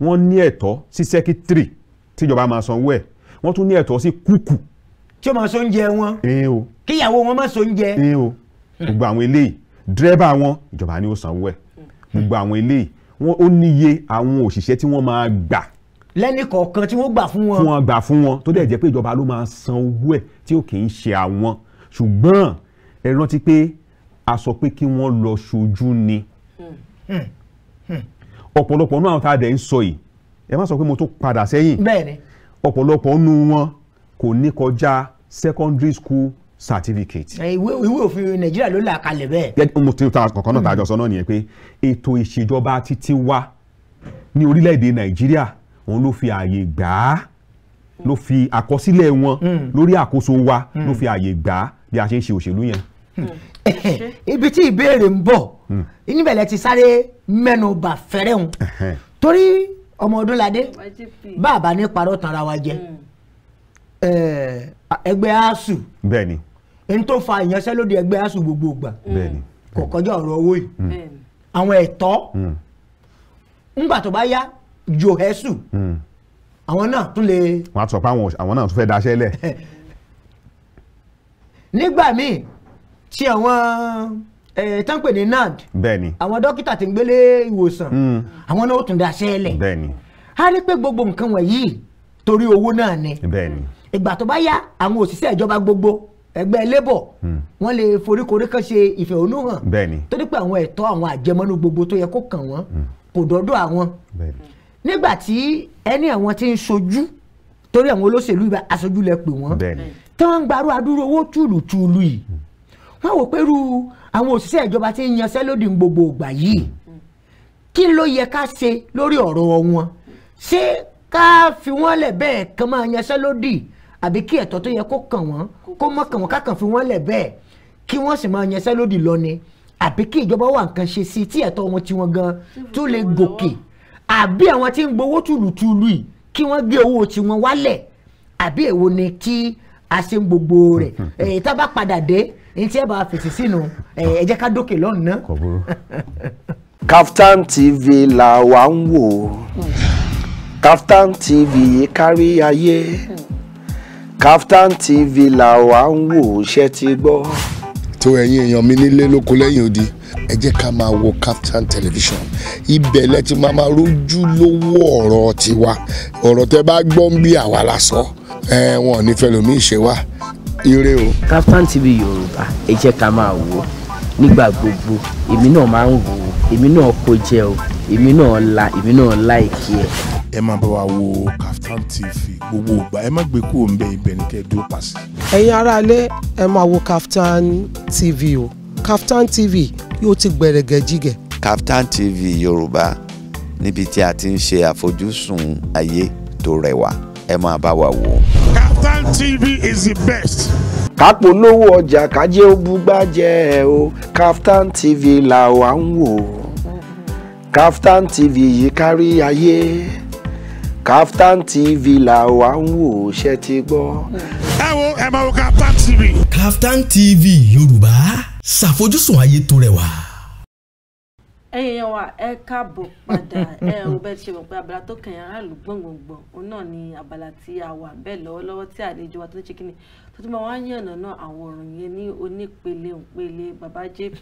wọ́n ní ẹ̀tọ́ sí sẹ́kítírì tíjọba máa sanwó ẹ̀ wọ́n tún ní ẹ̀tọ́ sí kúkù tí ó máa so oúnjẹ wọn kíyàwó wọn máa so oúnjẹ. gbogbo àwọn eléyìí dírẹ́bà wọn ìjọba ni ó sanwó ẹ̀ gbogbo àwọn eléyìí wọn ó níye àwọn òṣìṣẹ́ tí wọ́n máa gbà. lẹ́ni kọ̀ọ̀kan tí wọ́n gbà fún wọn. fún wọn gbà fún wọn tó dẹ̀ jẹ́ pé ìjọba ló máa san owó ẹ̀ tí ò kì í ṣe àwọn ṣùgbọ́n ẹ rántí pé a sọ pé kí wọ́n lọ ṣojú ni hmm. Hmm. ọ̀pọ̀lọpọ̀ nínú àwọn tá a dẹ̀ ń sọ yìí ẹ má sọ pé mo tún padà sẹ́yìn ọ̀pọ̀lọpọ̀ nínú wọn kò ní kọjá secondary school certificate. ìwé ìwé òfin nàìjíríà ló là kalẹ̀ bẹ́ẹ̀. gẹ́gẹ́ mo ti ta kọ̀ọ̀kan náà hmm. tàjọ sọ náà nìyẹn pé ètò ìṣèjọba títí wa ní orílẹ̀-èdè nàìjíríà òun ló fi ààyè gbà á ló fi àkọsílẹ̀ wọn hmm. lórí àkóso wa hmm. ló fi ààyè gbà á bí a ṣe ń ṣe òṣèlú yẹn. [laughs] ibi tí ìbéèrè ń bọ̀ níbẹ̀lẹ̀ ti sáré mẹ́nu bà fẹ́rẹ̀ hùn torí ọmọ ọdún ládé bàbá ní parọ́ tanra wa jẹ. Mm. Eh, ẹgbẹ́ asuu bẹ́ẹ̀ni n tó fa ìyanṣẹ́lódì ẹgbẹ́ asuu gbogbo bẹ́ẹ̀ni kò kọjá ọ̀rọ̀ owó yìí hmm. àwọn ẹ̀tọ́ hmm. ńgbà tó bá yá johesu hmm. àwọn náà tún lè. wọn á sọ pé àwọn náà tún fẹ́ daṣẹ́ [laughs] nígbà míì tí àwọn eh, tánpẹ̀ ní nand bẹ́ẹ̀ni àwọn dókítà ìgbà tó bá yá àwọn òṣìṣẹ́ ìjọba gbogbo ẹgbẹ́ labour hmm. wọ́n lè foríkorí kan ṣe ìfẹ̀hónúhàn tó ní pé àwọn ẹ̀tọ́ àwọn àjẹmọ́nú gbogbo tó yẹ kó kàn wọ́n hmm. kò dọ́dọ̀ àwọn nígbà tí ẹni àwọn ti ń sojú torí àwọn olóṣèlú ibà aṣojú lẹ pè wọ́n tí wọ́n ń gbarú adúrú owó tùlùtùlù yìí hmm. wọ́n wò pé irú àwọn òṣìṣẹ́ ìjọba ti ń yanṣẹ́ lódì gbogbo ìgbà yìí kí ló yẹ ká ṣe lórí ọ̀rọ̀ wọn ṣé ká fi wọ́n lẹ̀ bẹ́ẹ̀ kan máa yanṣẹ́ lódì àbí kí ẹ̀tọ́ tó yẹ kó kàn wọ́n kó mọ́ kàn wọ́n kákan fi wọ́n lẹ̀ bẹ́ẹ̀ kí wọ́n sì máa yẹnsẹ́ lódì lọ ni àbí kí ìjọba wà nǹkan ṣe sí tí ẹ̀tọ́ wọn ti wọn gan tó lè gòkè àbí àwọn tí ń gbowó tùlùtùlù yìí kí wọ́n gbé owó tiwọn wálẹ̀ àbí èwo ni kí a ṣe ń gbogbo rẹ̀ [laughs] èyí tá a bá padà dé ní tí ẹ bá fèsì sínú ẹ jẹ́ ká dókè lọ́nà. [laughs] Kaftan TV la wa ń wò Kaftan TV kárí ayé. Mm. Kaftan TV la wà ń wò ó ṣe ti gbọ́. tó ẹ̀yin èèyàn mi nílé lóko lẹ́yìn odi ẹ jẹ́ ká máa wo Kaftan television ibẹ̀ lẹ ti máa máa rójú lówó ọ̀rọ̀ tiwa ọ̀rọ̀ tẹ bá gbọ́ ń bí àwa la sọ ẹ wọn ní fẹ́ lómi ìṣe ire o. Kaftan TV Yorùbá ẹ jẹ́ ká máa wò ó nígbà gbogbo èmi náà máa ń wò ó èmi náà kó jẹ o èmi náà la èmi náà láìkí ẹ ẹ máa bá wa wo Kaftan TV gbogbo ìgbà ẹ má gbé kúrò ń bẹ ibẹ̀ ní kẹ́ dúró pàṣẹ. ẹ̀yin aráalé ẹ máa wo Kaftan TV o Kaftan TV yóò ti gbẹ̀rẹ̀gẹ̀ jígẹ̀. Kaftan TV Yorùbá níbi tí a ti ń ṣe àfojúsùn ayé tó rẹwà ẹ máa bá wa wò. Kaftan TV is the best kápolówó ọjà kájé ó búgbájẹ o Kaftan TV là wà ń wò Kaftan TV yìí kárí ayé. Kaftan TV la wa ń wò ṣe ti gbọ́. ẹ wo ẹ máa wo Kaftan TV. Kaftan TV Yorùbá ṣàfojúsùn ayé tó rẹwà ẹ̀yin yẹn wa ẹ káàbọ̀ padà ẹ ò bẹ ṣe mọ̀ pé abala tó kàn yín aráàlú gbọngbọngbọn òun náà ni abala tí a wà bẹ́ẹ̀ lọ́wọ́lọ́wọ́ tí àlejò wa tó ń ṣe kíni tó tún bá wá yànnà náà àwọn yẹn ní onípele òǹpele baba jp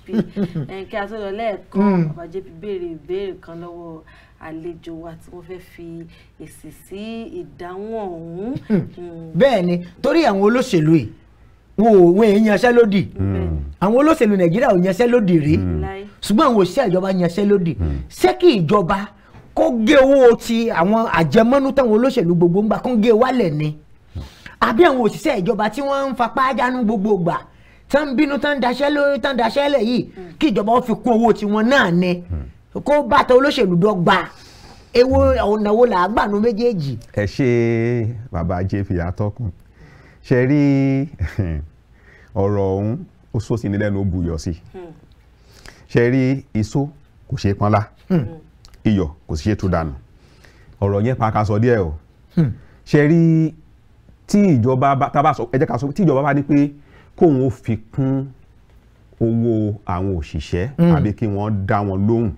[laughs] kí a tó lọ lẹ́ẹ̀kan hmm. baba jp béèrè ìbéèrè kan lọ́wọ́ àlejò wa tí wọ́n fẹ́ fi èsì sí ìdáhùn ọ̀hún. Hmm. Hmm. bẹ́ẹ̀ torí àwọn olóṣèlú yìí wọn ò wọn èyí yanṣẹ́ lódì hmm. àwọn olóṣèlú nàìjíríà ò yanṣẹ́ lódì rí hmm. ṣùgbọ́n àwọn òṣìṣẹ́ ìjọba yanṣẹ́ lódì hmm. ṣé kí ìjọba kó gé owó ti àwọn àjẹmọ́nú táwọn olóṣèlú gbogbo ń gbà kó gé wálẹ̀ ni àbí àwọn òṣìṣẹ́ ìjọba tí wọ́n ń fapá jánu gbogbo gbà tán ń bínú tán ń daṣẹ́ lórí tán ń daṣẹ́ lẹ̀ yìí kí ìjọba ó fi kún owó tiwọn náà ni kó bàtà olóṣèlú dọ́gba ewu ọ̀nà làá gbà nu méjèèjì. ẹ ṣe bàbá jp atọ́kùn ṣe rí [laughs] ọ̀rọ̀ ọ̀hún ó sọ sí ni lẹ́nu ó buyọ̀ sí hmm. ṣe rí iṣó kò ṣe pọ́nlá hmm. iyọ̀ kò sì ṣe tú dànù ọ̀rọ̀ yẹn pa ká sọ díẹ̀ o hmm. ṣe rí tí ìjọba tá bá sọ ẹ jẹ́ ká sọ tí ìjọba bá ní pé kóun ó fi kún owó àwọn òṣìṣẹ́ àbí kí wọ́n dá wọn lóhùn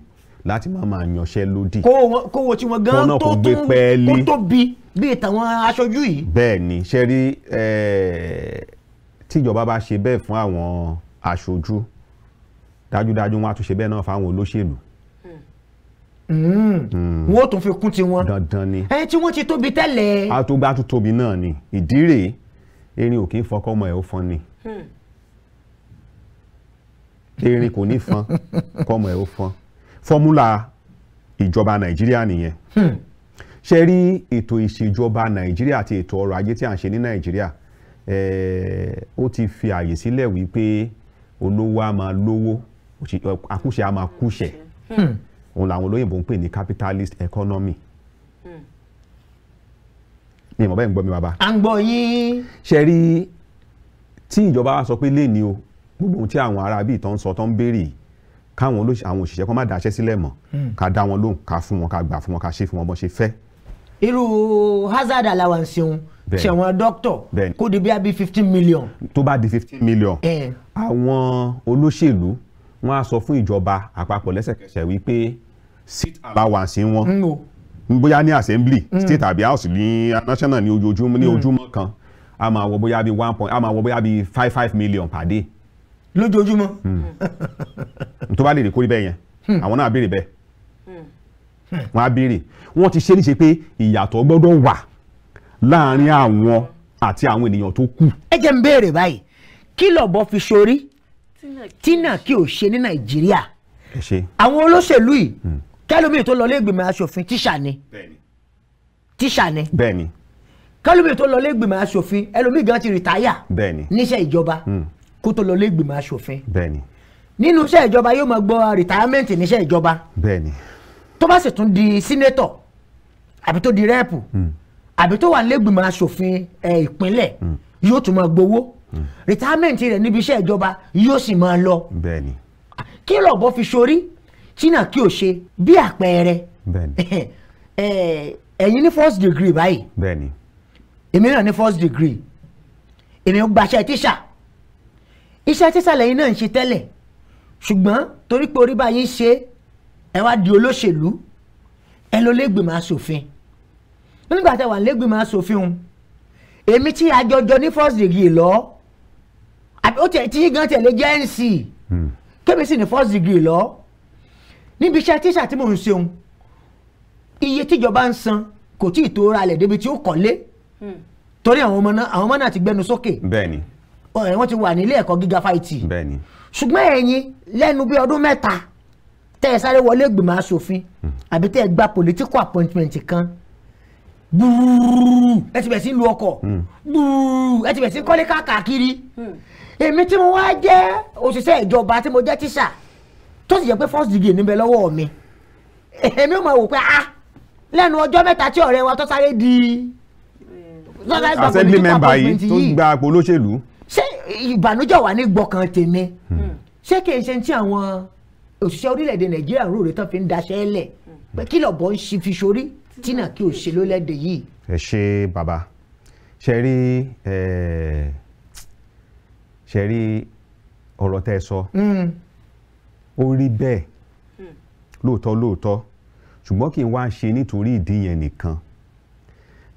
láti máa máa yanṣẹ́ lódì. kówó tí wọ́n gan tó tún kó tóbi bíi tàwọn aṣojú yìí. bẹ́ẹ̀ ni ṣe rí tíjọba bá ṣe bẹ́ẹ̀ fún àwọn aṣojú dájúdájú wọn á tún ṣe bẹ́ẹ̀ náà fáwọn olóṣèlú. Hmm. Hmm. wọn ò tún fi kún tiwọn. dandan ni. ẹ tí wọ́n ti tóbi tẹ́lẹ̀. a tó bá tún tóbi náà ni ìdí rèé erin ò kí ń fọkọ́ ọmọ ẹ̀ ó fọn ni. Hmm. erin kò ní fọn kọ́mọ ẹ̀ ó fọn fọ́múlà ìjọba nàìjíríà nìyẹn hmm. ṣe rí ètò ìṣèjọba nàìjíríà àti ètò ọrọ̀ ajé tí à ń ṣe ní nàìjíríà eh, ó ti fi àyè sílẹ̀ wípé olówó a máa lówó akúṣẹ̀ a máa kúṣẹ̀ hmm. òun làwọn olóyìnbó ń pè ní capitalist economy Ni hmm. ìmọ̀ bẹ́ẹ̀ ń gbọ́ mi bàbá. à ń gbọ́ yín. ṣe rí tí ìjọba wa sọ pé léèní o gbogbo ohun tí àwọn ará bíi tán ń sọ tán ń béèrè yìí káwọn olóṣì àwọn òṣìṣẹ́ kan má dáṣẹ́ sílẹ̀ mọ́ hmm. ká dá wọn lóhùn ká fún wọn ká gbà fún wọn ká ṣe fún wọn bọ́n ṣe fẹ́. irú hazard allowance òun ṣẹ̀wọ̀n dókítọ̀ kó di bí i fifteen million. tó bá di fifteen million àwọn olóṣèlú wọn á sọ fún ìjọba àpapọ̀ lẹ́sẹ̀kẹsẹ̀ wípé sit allowance wọn bóyá ní assembly hmm. state àbí house ní uh, national ní ojoojúmọ́ ní hmm. ojúmọ́ kan a máa wọ bóyá bíi one point a máa wọ bóyá bíi five five million per day lójoojúmọ́. Hmm. [laughs] tó bá lè rí kórìí bẹ́ẹ̀ yẹn hmm. àwọn náà béèrè bẹ́ẹ̀ hmm. wọ́n á béèrè wọ́n ti ṣe níṣe pé ìyàtọ̀ gbọ́dọ̀ wà láàárín àwọn àti àwọn ènìyàn tó kù. ẹ jẹ́ ń béèrè báyìí kí lọ́bọ fi ṣorí tínà kí ò ṣe ní nàìjíríà àwọn olóṣèlú yìí kẹlómi tó lọ lẹ́gbìmọ̀ asòfin tíṣà ni tíṣà ni kẹlómi tó lọ lẹ́gbìmọ̀ asòfin ẹlòmíì gan ti rìtáyà níṣẹ́ ìjọba. Mm kó tó lọ lé ìgbìmọ̀ asòfin. bẹ́ẹ̀ni. nínú iṣẹ́ ìjọba yóò máa gbọ́ rìtáámẹ́ǹtì níṣẹ́ ìjọba. bẹ́ẹ̀ni. tó bá sì tún di sínétọ̀ àbí tó di rẹ́ẹ̀pù hmm. àbí tó wà lẹ́gbìmọ̀ asòfin eh, ìpínlẹ̀ hmm. yóò tún máa gbowó hmm. rìtáámẹ́ǹtì rẹ̀ níbi iṣẹ́ ìjọba yóò sì máa lọ. bẹ́ẹ̀ni. kí lọ́bọ̀ fi sórí china kí o ṣe bí àpẹẹrẹ. [laughs] Eh, ẹ̀yin ní first degree báyìí. bẹ́ẹ̀ni. èmi náà ní first degree èmi gbaṣẹ́ tíṣà iṣẹ́ tísàlẹ̀ yìí náà ń ṣe tẹ́lẹ̀ ṣùgbọ́n torí pé orí bá yín ṣe ẹ wá di olóṣèlú ẹ lọ lẹ́gbìmọ̀ asòfin nígbà tẹ wà lẹ́gbìmọ̀ asòfin o èmi tí àjọjọ ní first degree lọ ó tẹ tí yín gan tẹ̀lé jẹ́ nc hmm. kémi sì ní first degree lọ níbi iṣẹ́ tíṣà tí mò ń ṣeun iye tíjọba ń san kò tí ì tó ra lẹ̀ débi tí ó kọ́lé hmm. torí àwọn ọmọ náà ti gbẹnu sókè. bẹ́ẹ̀ni wọ́n ti wà nílé ẹ̀kọ́ gíga fáìtì ṣùgbọ́n ẹ̀yin lẹ́nu bí ọdún mẹ́ta tẹ́ ẹ sáré wọlé ìgbìmọ̀ asòfin hmm. àbí tẹ́ ẹ gba political appointment kan gbúrúrú ẹ ti bẹ̀ sí lu ọkọ̀ hmm. gbúrúrú ẹ ti bẹ̀ sí kọ́lé káàkiri hmm. èmi tí mo wá jẹ́ òṣìṣẹ́ ìjọba tí mo jẹ́ tíṣà tó sì jẹ́ pé first degree níbẹ̀ lọ́wọ́ mi èmi ò mọ̀ wò pé ah lẹ́nu ọjọ́ mẹ́ta tí ọ̀rẹ́ wa tó sáré di assembly member yìí tó gba àpò olóṣèlú ìbànújẹ́ wà ní gbọ̀kàn tèmi hmm. Hmm. ṣé kì í ṣe ti àwọn òṣìṣẹ́ orílẹ̀-èdè nàìjíríà ń ròrè tán fi ń daṣẹ́ lẹ̀ hmm. pé kí lọ̀bọ̀ ń fi ṣorí tínà kí o ṣe lólẹ́dẹ̀ yìí. ẹ ṣe bàbá ṣe rí ṣe rí ọ̀rọ̀ tẹ́ ẹ sọ ó rí bẹ́ẹ̀ lóòótọ́ lóòótọ́ ṣùgbọ́n kì í wá ṣe nítorí ìdí yẹn nìkan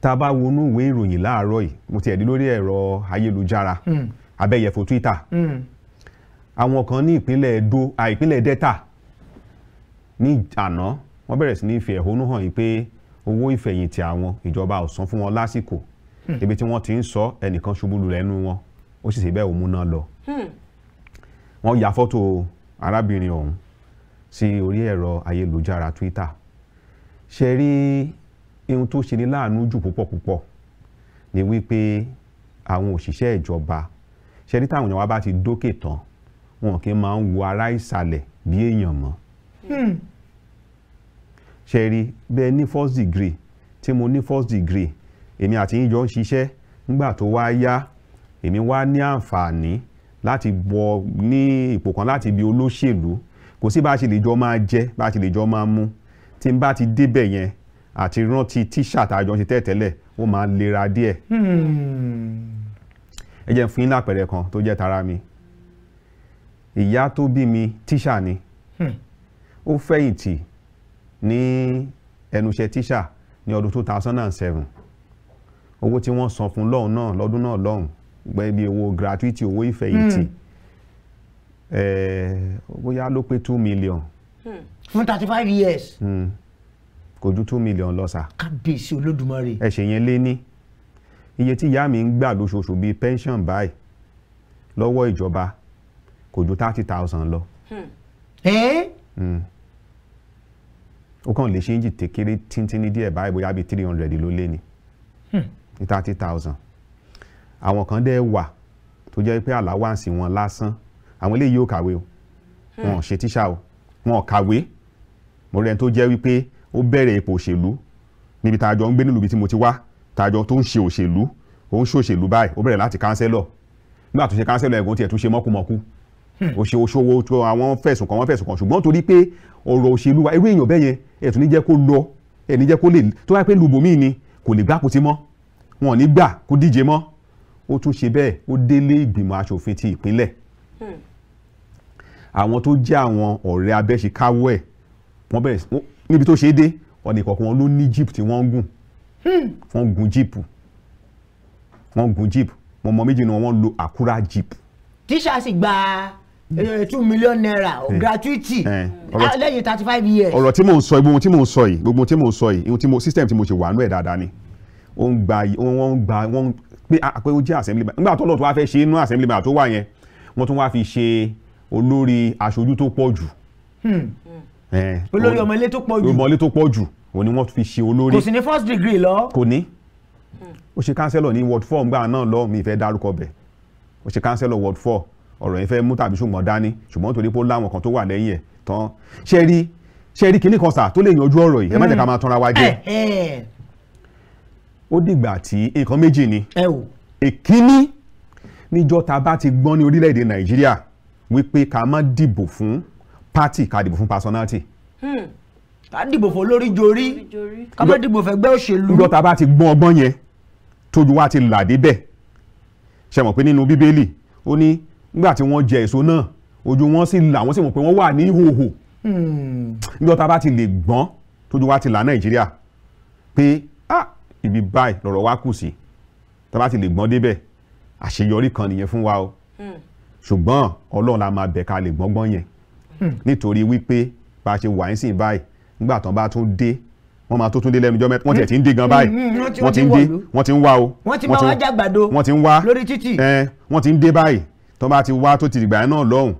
tá a bá wọnú ìwé ìròyìn láàárọ̀ yìí mo ti ẹ̀ dé lórí ẹ̀rọ ayélujára. Mm abẹ́yẹ̀fọ́ Twitter hmm. àwọn kan ní ìpínlẹ̀ Edo àìpínlẹ̀ Delta ní àná wọ́n bẹ̀rẹ̀ sí ní fi ẹ̀hónú hàn yìí pé owó ìfẹ̀yìntì àwọn ìjọba ò san fún wọn lásìkò hmm. ibi tí wọ́n ti ń sọ ẹnìkan ṣubú lulẹ̀ nú wọn ó sì ṣe bẹ́ẹ̀ òun náà lọ. Hmm. wọ́n ya fọ́tò arábìnrin ọ̀hún sí orí ẹ̀rọ ayélujára Twitter ṣe rí ohun tó ṣe ní láàánú jù púpọ̀ púpọ̀ ni wípé àwọn òṣìṣẹ́ ìjọba ṣe ní táwọn èèyàn wa bá ti dókè tán wọn kì í máa ń wo ará ìsàlẹ̀ bí èèyàn mọ́ hmm. ṣe rí bẹ́ẹ̀ ní first degree tí mo ní first degree èmi àti yín jọ ń ṣiṣẹ́ nígbà tó wá yá èmi wá ní àǹfààní láti bọ́ ní ipò kan láti bí olóṣèlú kò sí bá a ṣe lè jọ máa jẹ bá a ṣe lè jọ máa mú tí n bá ti débẹ̀ yẹn àti rántí tíṣà tá a jọ ń ṣe tẹ́tẹ́lẹ̀ ó máa lera díẹ̀. Hmm ẹ jẹ́ fún yín lápẹ̀rẹ̀ kan tó jẹ́ tara mi ìyá tó bí mi tíṣà ni hmm. ó fẹ̀yìntì ní ẹnuṣẹ́ tíṣà ní ọdún two thousand and seven owó tí wọ́n san fún lọ́hùn náà lọ́dún náà lọ́hùn gbẹ́ bí owó gratuity owó ìfẹ̀yìntì hmm. bóyá ló pé two million. Hmm. fún thirty five years. kò ju two million lọ sa, kábíyèsí olódùmarè. ẹ ṣèyẹn lé ní iye tí ìyá mi ń gbà lóṣooṣù bíi pension báyìí lọ́wọ́ ìjọba kò ju thirty thousand lọ. Hmm. Hmm. ó kàn lè ṣe ń jì tékeré tíntínní díẹ̀ báyìí bóyá bíi three hundred ló lé ni hmm. ní thirty thousand àwọn kan dẹ́ wà tó jẹ́ pé àláwáǹsì wọn lásán àwọn eléyìí ò kàwé o wọn ò ṣe tíṣà o wọn ò kàwé mo rẹ́ni tó jẹ́ wípé ó bẹ̀rẹ̀ ipò òṣèlú níbi tá a jọ ń gbé nílùú ibi tí mo ti wá tàjọ tó ń ṣe òṣèlú ó ń ṣe òṣèlú báyìí ó bẹ̀rẹ̀ láti kánsẹ́lọ̀ nígbà tó ṣe kánsẹ́lọ̀ ẹ̀gbọ́n tiẹ̀ tún ṣe mọ́kùmọ́kù hmm. ó ṣe oṣoowo tó àwọn fẹ̀sùn kan wọ́n fẹ̀sùn kan ṣùgbọ́n torí pé ọ̀rọ̀ òṣèlú wa irú èèyàn bẹ́yẹn ẹ̀ tún ní jẹ́ kó lọ ẹ̀ ní jẹ́ kó lè tó wáyé pé lùbòmíì ni kò lè gbá kó ti mọ́ wọn ò ní gbà kó díje mọ́ ó tún ṣe bẹ́ẹ̀ ó délé ìgbìmọ̀ asòfin ti ìpínlẹ̀ hmm. àwọn tó jẹ́ àwọn ọ̀rẹ́ abẹ́ṣekáwọ́ ẹ̀ wọ́n bẹ̀rẹ̀ níbi tó ṣe é dé ọ̀nà ìkọ̀ọ̀kan ló ní jíìpù tí wọ́n ń gùn wọ́n gun jeep wọ́n gun jíìpù mo mọ méjì náà wọ́n lo àkúrà jíìpù. tíṣà sì gba eh, two million naira eh. gratuity eh. Ah, lẹ́yìn thirty five years. ọ̀rọ̀ tí mò ń sọ yìí gbogbo tí mò ń sọ yìí gbogbo tí mò ń sọ yìí ohun tí mo system tí mo ṣe wà nú ẹ̀ dáadáa ni ó ń gba wọ́n ń gba wọ́n pé ah, pé ó jẹ́ assembly man nígbà tó lọ́ọ̀ tó wá fẹ́ ṣe inú assembly man tó wà yẹn wọ́n tún wá fi ṣe olórí aṣojú tó pọ̀ jù. Hmm. olórí ọmọlé tó pọ̀ jù òun ni wọ́n fi ṣe olórí. kò sì ní first degree lọ. kò ní ó ṣe kánsẹ́lọ̀ ní ward four ngbà náà lọ mi ìfẹ́ dárúkọ bẹ̀ ó ṣe kánsẹ́lọ̀ ward four ọ̀rọ̀ yẹn fẹ́ mú tàbí ṣùgbọ́n dání ṣùgbọ́n torí pé ó láwọn kan tó wà lẹ́yìn ẹ̀ tán ṣe rí ṣe rí kinní kan sà tó lè yanjú ọ̀rọ̀ yìí ẹ má jẹ́ ká máa tanra wa jẹ́ mm. eh, eh. ó dìgbà tí nǹkan méjì ni èkíní níjọ́ ta bá ti gbọ́n ní orílẹ̀-èdè nàìjíríà wípé ká má dìbò fún pátì ká dìbò fún pásọ́nálítì. Hmm ká dìbò fún olórí jorí ká má dìbò fẹ́gbẹ́ òṣèlú. lọ́tà bá ti gbọ́n ọgbọ́n yẹn tójú wa ti là débẹ̀ ṣe mọ̀ pé nínú bíbélì ó ní nígbà tí wọ́n jẹ èso náà ojú wọn sì là wọ́n sì mọ̀ pé wọ́n wà ní ìhòòhò lọ́tà hmm. bá ti lè gbọ́n tójú wa ti là nàìjíríà pé ah ibi báyìí lọ̀rọ̀ wa kù sí tá bá ti lè gbọ́n débẹ̀ àṣeyọrí kan nìyẹn fún wa o hmm. ṣùgbọ́n ọlọ́run la máa bẹ̀ ká lè gbọ́ngbọ́n yẹn hmm. nítorí wípé bá a ṣe wà ń sìn báyìí nígbà tán bá tún dé wọ́n máa tó tún dé lẹ́nu jọ́ mẹ́ta wọ́n tiẹ̀ ti ń dé gan báyìí hmm, hmm, wọ́n ti ń dé wọ́n ti ń wá o wọ́n ti máa wá jàgbàdo wọ́n ti ń wá lórí títì wọ́n ti ń dé báyìí tó bá ti wá tó ti dìgbà náà lọ́hùn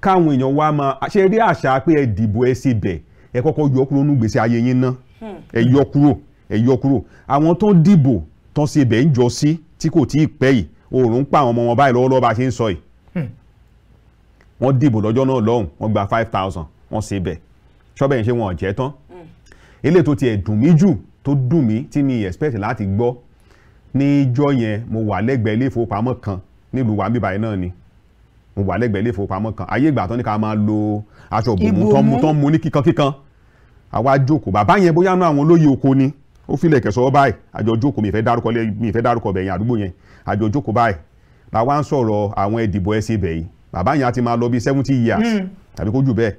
káwọn èèyàn wá máa ṣe rí àṣà pé ẹ dìbò ẹ sì bẹ̀ ẹ kọ́kọ́ yọ kúrò nínú gbèsè ayé yín ná hmm. ẹ yọ kúrò ẹ yọ kúrò àwọn tó dìbò tó ṣe bẹ̀ ń jọ sí tí kò tí ì pẹ́ yìí oòrùn pa àwọn ọmọ wọn báyìí lọ́wọ́lọ́wọ́ bá ṣe ń sọ yìí five thousand wọ́n ṣe ṣọ́bẹ̀ yẹn ṣé wọn ò jẹ́ tán eléyìí tó tiẹ̀ dùn mí jù tó dùn mí tí mi expect láti gbọ́ níjọ́ yẹn mo wà lẹ́gbẹ̀ẹ́ ilé ìfowópamọ́ kan nílùú wa bíbáyé náà ni mo wà lẹ́gbẹ̀ẹ́ ilé ìfowópamọ́ kan ayé ìgbà tán ni ká máa lo aṣọ ìbòmú tán mú tán mú ní kíkankíkan àwa jókòó bàbá yẹn bóyá náà àwọn olóyè oko ni ó filẹ̀ kẹsọ̀ báyìí àjọ jókòó mi fẹ́ dárúkọ lé mi fẹ́ dárúkọ bẹ̀yìn àdúgbò yẹn àjọ jókòó báyìí bá wa ń sọ̀rọ̀ àwọn ìdìbò ẹ̀sìn bẹ̀yìn bàbá yẹn á ti máa lọ bí seventy years hmm. tàbí kó jù bẹ́ẹ̀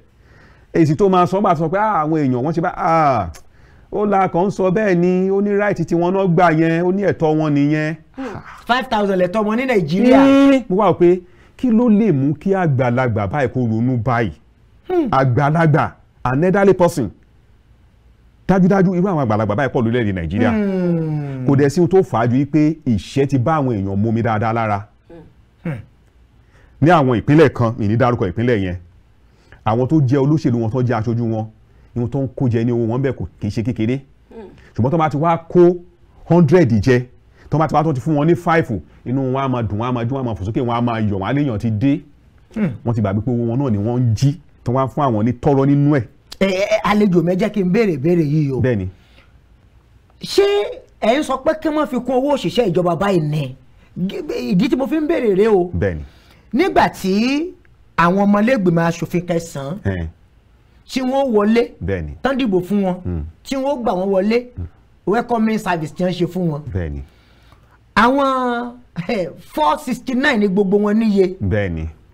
èsì tó máa sọ bá sọ pé ah, àwọn èèyàn wọ́n ṣe bá ah, ó la kàn ń sọ bẹ́ẹ̀ ni ó ní ráìtì tí wọ́n náà gbà yẹn ó ní ẹ̀tọ́ wọn nìyẹn. Hmm, five thousand lẹ̀tọ́ ọmọ ní nàìjíríà. Hmm, mo wá pé kí ló lè mú kí àgbàlagbà báyìí kó ronú báyìí hmm. àgbàlagbà an elderly person dájúdájú irú àwọn àgbàlagbà báyìí pọ̀ lórílẹ̀‐èdè nàìjíríà kò dẹ̀ sí ohun tó fà á ju pé ìṣẹ́ ti bá àwọn èèyàn mú mi dáadáa lára ní àwọn ìpínlẹ̀ kan mi ní dárúkọ ìpínlẹ̀ yẹn àwọn tó jẹ́ olóṣèlú wọn tó jẹ́ aṣojú wọn ni wọn tó ń kó jẹ ní owó wọn bẹ́ẹ̀ kò kì í ṣe kékeré ṣùgbọ́n tó bá ti wá kó hundred jẹ tó bá ti wá tó ti fún wọn ní five inú wọn á máa dùn wọn á máa dùn wọn á máa fò sókè wọn á máa yọ̀ wọn á léèyàn ti dé wọn ti gbàgbé pé owó wọn náà ni wọ́n ń jí tó wá fún àwọn ní tọ́rọ́ nínú ẹ̀. ẹ ẹ àlejò mẹjẹ kí n béèrè béèrè yìí o. bẹ́ẹ̀ni. ṣé ẹ ń sọ pé kí wọn fi kún owó òṣìṣẹ́ ìjọba báyìí ní ìdí tí mo fi ń béèrè rẹ o. bẹ́ẹ̀ni. nígbà tí àwọn ọmọlẹ́gbẹ̀mọ asòfin kẹsàn-án tí wọ́n wọlé tán dìbò fún wọn hmm. tí wọ́n gbà wọ́n wọlé hmm. welcoming service tí wọ́n ṣe fún wọn àwọn four sixty nine ni gbogbo wọn níye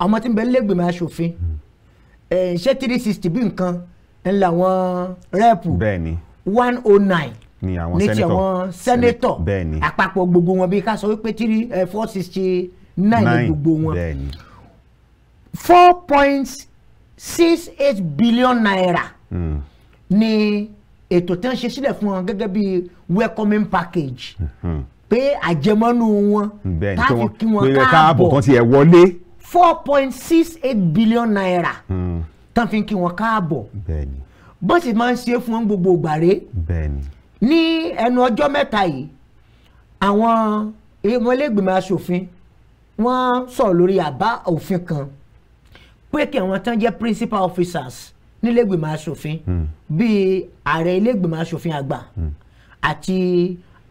àwọn tí ń bẹ lẹ́gbẹ̀mọ asòfin hmm. ṣé three sixty bí nǹkan ńlá wọn rẹ́ẹ̀pù one oh nine ni àwọn sẹ́nẹ́tọ̀ ní ti àwọn sẹ́nẹ́tọ̀ àpapọ̀ gbogbo wọn bí ká sọ wípé three four sixty nine ni gbogbo wọn four point six eight billion naira mm. ni ètò tí wọ́n ṣe sílẹ̀ fún wọn gẹ́gẹ́ bí welcoming package hmm. pé àjẹmọ́nú wọn táàbù kí wọn káàbọ̀ kan four point six eight billion naira hmm. tán fi kí wọn káàbọ̀ bó sì máa ń ṣe fún wọn gbogbo gbàrẹ́ ní ẹnu ọjọ́ mẹ́ta yìí àwọn ìmọ̀lẹ́gbìmọ̀ asòfin wọ́n sọ̀rọ̀ lórí àbá òfin kan pé kí àwọn tán jẹ́ principal officers nílẹ̀gbìmọ̀ asòfin hmm. bíi ààrẹ ilẹ̀gbìmọ̀ asòfin àgbà hmm. àti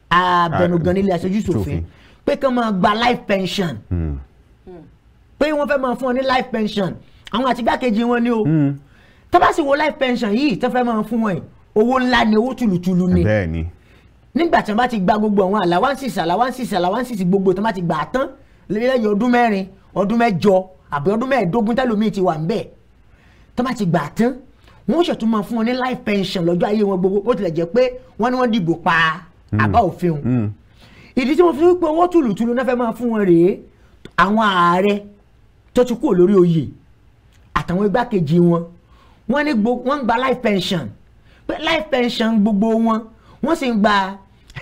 abẹnugan nílẹ̀ aṣojú hmm. ṣòfin pé kí wọ́n máa gba life pension pé wọ́n fẹ́ máa fún ọ ní life pension àwọn àti igbákejì wọn ni o tó bá sì wo life pension yìí tó fẹ́ máa fún wọn yìí owó ńlá ni owó tùlùtùlù ni nígbà tí wọ́n bá ti gba gbogbo àwọn allowances allowances allowances gbogbo tí wọ́n bá ti gbà á tán lẹ́yìn ọdún mẹ́rin ọdún mẹ́jọ àbí ọdún mẹ́ẹ̀ẹ́dógún tẹ́lómi ti wà ń bẹ̀ tó bá ti gbà tán wọ́n ṣètò máa fún wọn ní life pension lọ́jọ́ ayé wọn gbogbo bó tilẹ̀ jẹ́ pé wọ́n ní wọ́n dìbò pa hmm. àbá òfin o hmm. ìdí tí mo fi pé owó tùlùtùlù náà fẹ́ máa fún wọn rèé àwọn ààrẹ tó ti kúrò lórí oyè àtàwọn igbákejì wọn wọ́n ní wọ́n ń gba life pension pé life pension gbogbo wọn wọ́n sì ń gba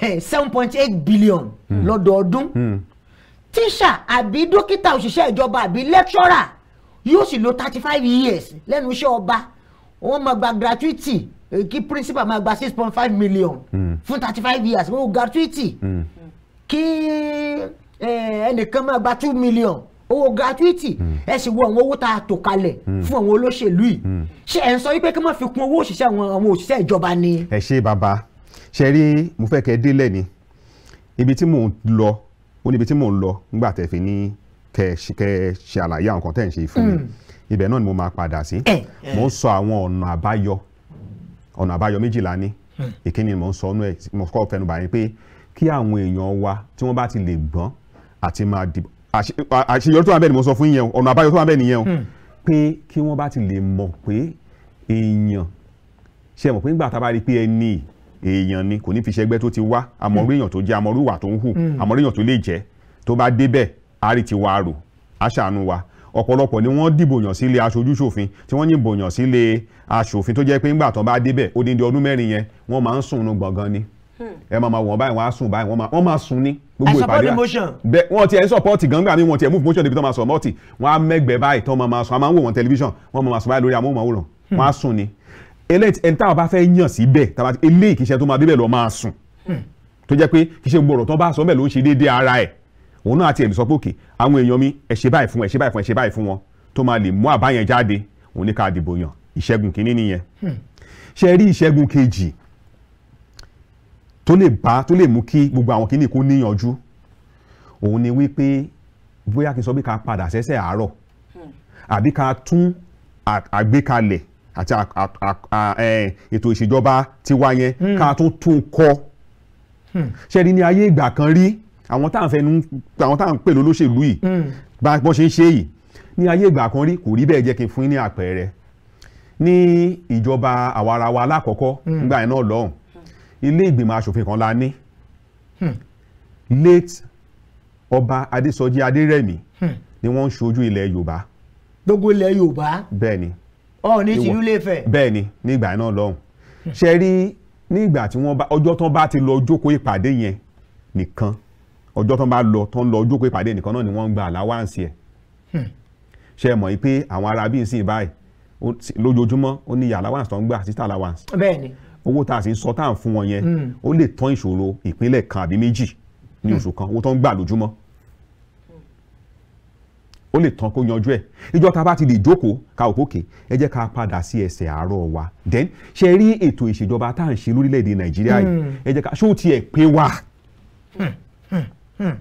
eh, seven point eight billion hmm. lọ́dọọdún. Mm. mm tíṣà àbí dókítà òṣìṣẹ́ ìjọba àbí lẹ́kṣọ́rà yóò sì lo thirty five years lẹ́nu iṣẹ́ ọba wọ́n máa gba gratuity kí principal máa gba six point five million hmm. fún thirty five years wọ́n gratuity hmm. kí ẹnìkan máa gba two million owó gratuity hmm. ẹ sì wo àwọn owó tá a tò kalẹ̀ fún àwọn olóṣèlú yìí ṣé ẹ ń sọ wípé kí wọ́n fi kún owó òṣìṣẹ́ àwọn òṣìṣẹ́ ìjọba ni. ẹ ṣe bàbá ṣe rí mo fẹ́ kẹ́ délẹ̀ ni ibi tí mò ń lọ ó níbi tí mò ń lọ nígbà tẹ̀ fi ní kẹ kẹ ṣe àlàyé àwọn kan tẹ̀ ń ṣe fún mi mm. ibẹ̀ náà ni mo máa padà sí mò ń sọ àwọn ọ̀nà àbáyọ ọ̀nà àbáyọ méjìlá ní mm. ìkíni mò ń sọ ọ́nú ẹ̀ mo kọ́ fẹnu bàyẹn pé kí àwọn èèyàn wa tí wọ́n bá ti lè gbọ́n àti máa dìbò àṣeyọrí tó wà bẹ́ẹ̀ ni mo sọ fún yẹn ọ̀nà àbáyọ tó wà bẹ́ẹ̀ nìyẹn mm. pé kí wọ́n bá ti lè mọ̀ pé èèyàn ṣe mọ̀ pé nígbà tá a bá rí pé ẹni yìí èèyàn ni kò ní fi ṣẹgbẹ́ tó ti wá àmọ́rú èèyàn tó jẹ́ àmọ́rú ìwà tó ń hù àmọ́rú hmm. èèyàn tó lè jẹ́ tó bá débẹ̀ á rí ti wa rò á ṣàánú wa ọ̀pọ̀lọpọ̀ ni wọ́n dìbò yàn sílé aṣojúṣòfin tí wọ́n yìnbò yàn sílé aṣòfin tó jẹ́ pé ńgbà tán bá débẹ̀ ó dín di ọdún mẹ́rin yẹn wọ́n máa ń sùn nu gbọ̀ngàn ni hmm. ẹ máa ma wọ̀n báyìí wọ́n á sùn báyìí wọ́n máa sùn ní gbogbo ìpàdé bẹ́ẹ̀ wọ́n ti ẹ̀ ń sọ̀pọ́ọ̀tì gangan mi wọ́n ti ẹ̀ move motion débi tán máa sọ̀pọ́ọ̀tì wọ́n á mẹ́gbẹ̀ẹ́ báyìí tán máa ma sùn a máa ń wò wọ́n tẹlifíṣàn wọ́n máa ma sùn báyìí lórí amóhùnmáwòrán hmm. wọ́n á sùn ni eléyìí ẹni táwọn bá fẹ́ yàn síbẹ̀ eléyìí kìí ṣe tó máa débẹ̀ lọ máa sùn hmm. tó jẹ́ pé kìí ṣe gbọ̀rọ̀ tán bá sọ bẹ́ẹ̀ ló ń ṣe déédéé ara ẹ̀ òun náà àti ẹ̀mí sọ pé òkè àwọn èèyàn mi ẹ ṣe báyìí fún ẹ ṣe báyìí fún ẹ ṣe báyìí fún wọn tó máa lè mú àbá jáde òun ní ká dìbò yàn ìṣẹ́gun kínní nìyẹn hmm. ṣe rí ìṣẹ́gun kejì tó lè bá tó lè mú kí gbogbo àwọn kínní kó níyànjú òun ni wípé bóyá kí n sọ bí ká padà sẹ́sẹ̀ àárọ̀ hmm. àbí ká tún àgbékalẹ̀ àti ètò ìṣèjọba tiwa yẹn hmm. ká tó tún kọ hmm. ṣẹ́ni ní ayé ìgbà kan rí àwọn tá à ń fẹnu àwọn tá à ń pè lólóṣèlú yìí hmm. bá bọ́n ṣe ń ṣe yìí ní ayé ìgbà kan rí kò rí bẹ́ẹ̀ jẹ́ kí n fún yín ní àpẹẹrẹ ní ìjọba àwarawa alákọ̀ọ́kọ́ nígbà yẹn náà lọ́hùn ilé ìgbìmọ̀ asòfin kan la ní late ọba adésọjí adérẹ̀mí ni wọ́n ń ṣojú ilẹ̀ yorùbá. gbogbo ilẹ̀ yorùbá. bẹ́ẹ̀ ni ọ̀ọ́ni tìlú lè fẹ̀. bẹ́ẹ̀ ni nígbà náà lọ́hùn ṣe rí nígbà tí wọ́n bá ọjọ́ tán bá ti lọ jókòó ìpàdé yẹn nìkan ọjọ́ tán bá lọ tán lọ jókòó ìpàdé nìkan náà ni wọ́n gba àláwáǹsì ẹ̀ hmm. ṣe mọ̀ pé àwọn arábí ń sìn báyìí lójoojúmọ́ ó ní àláwáǹsì tó ń gbà títà àláwáǹsì. bẹ́ẹ̀ ni owó tá a sì ń sọ tá à ń fún wọn yẹn hmm. ó lè tán ìṣòro ìpínlẹ̀ kan àbí méjì ní hmm. oṣù kan owó tó ń gbà lójúmọ́ ó lè tán kó yanjú ẹ̀ ìjọ ta bá ti lè jókòó ka òkòkè ẹ jẹ́ ká padà sí ẹsẹ̀ àárọ̀ wa then ṣe rí ètò ìṣèjọba tá à ń ṣe lórílẹ̀‐èdè nàìjíríà yìí hmm. ẹ jẹ́ ká ṣó tiẹ̀ pé wà hmm, hmm,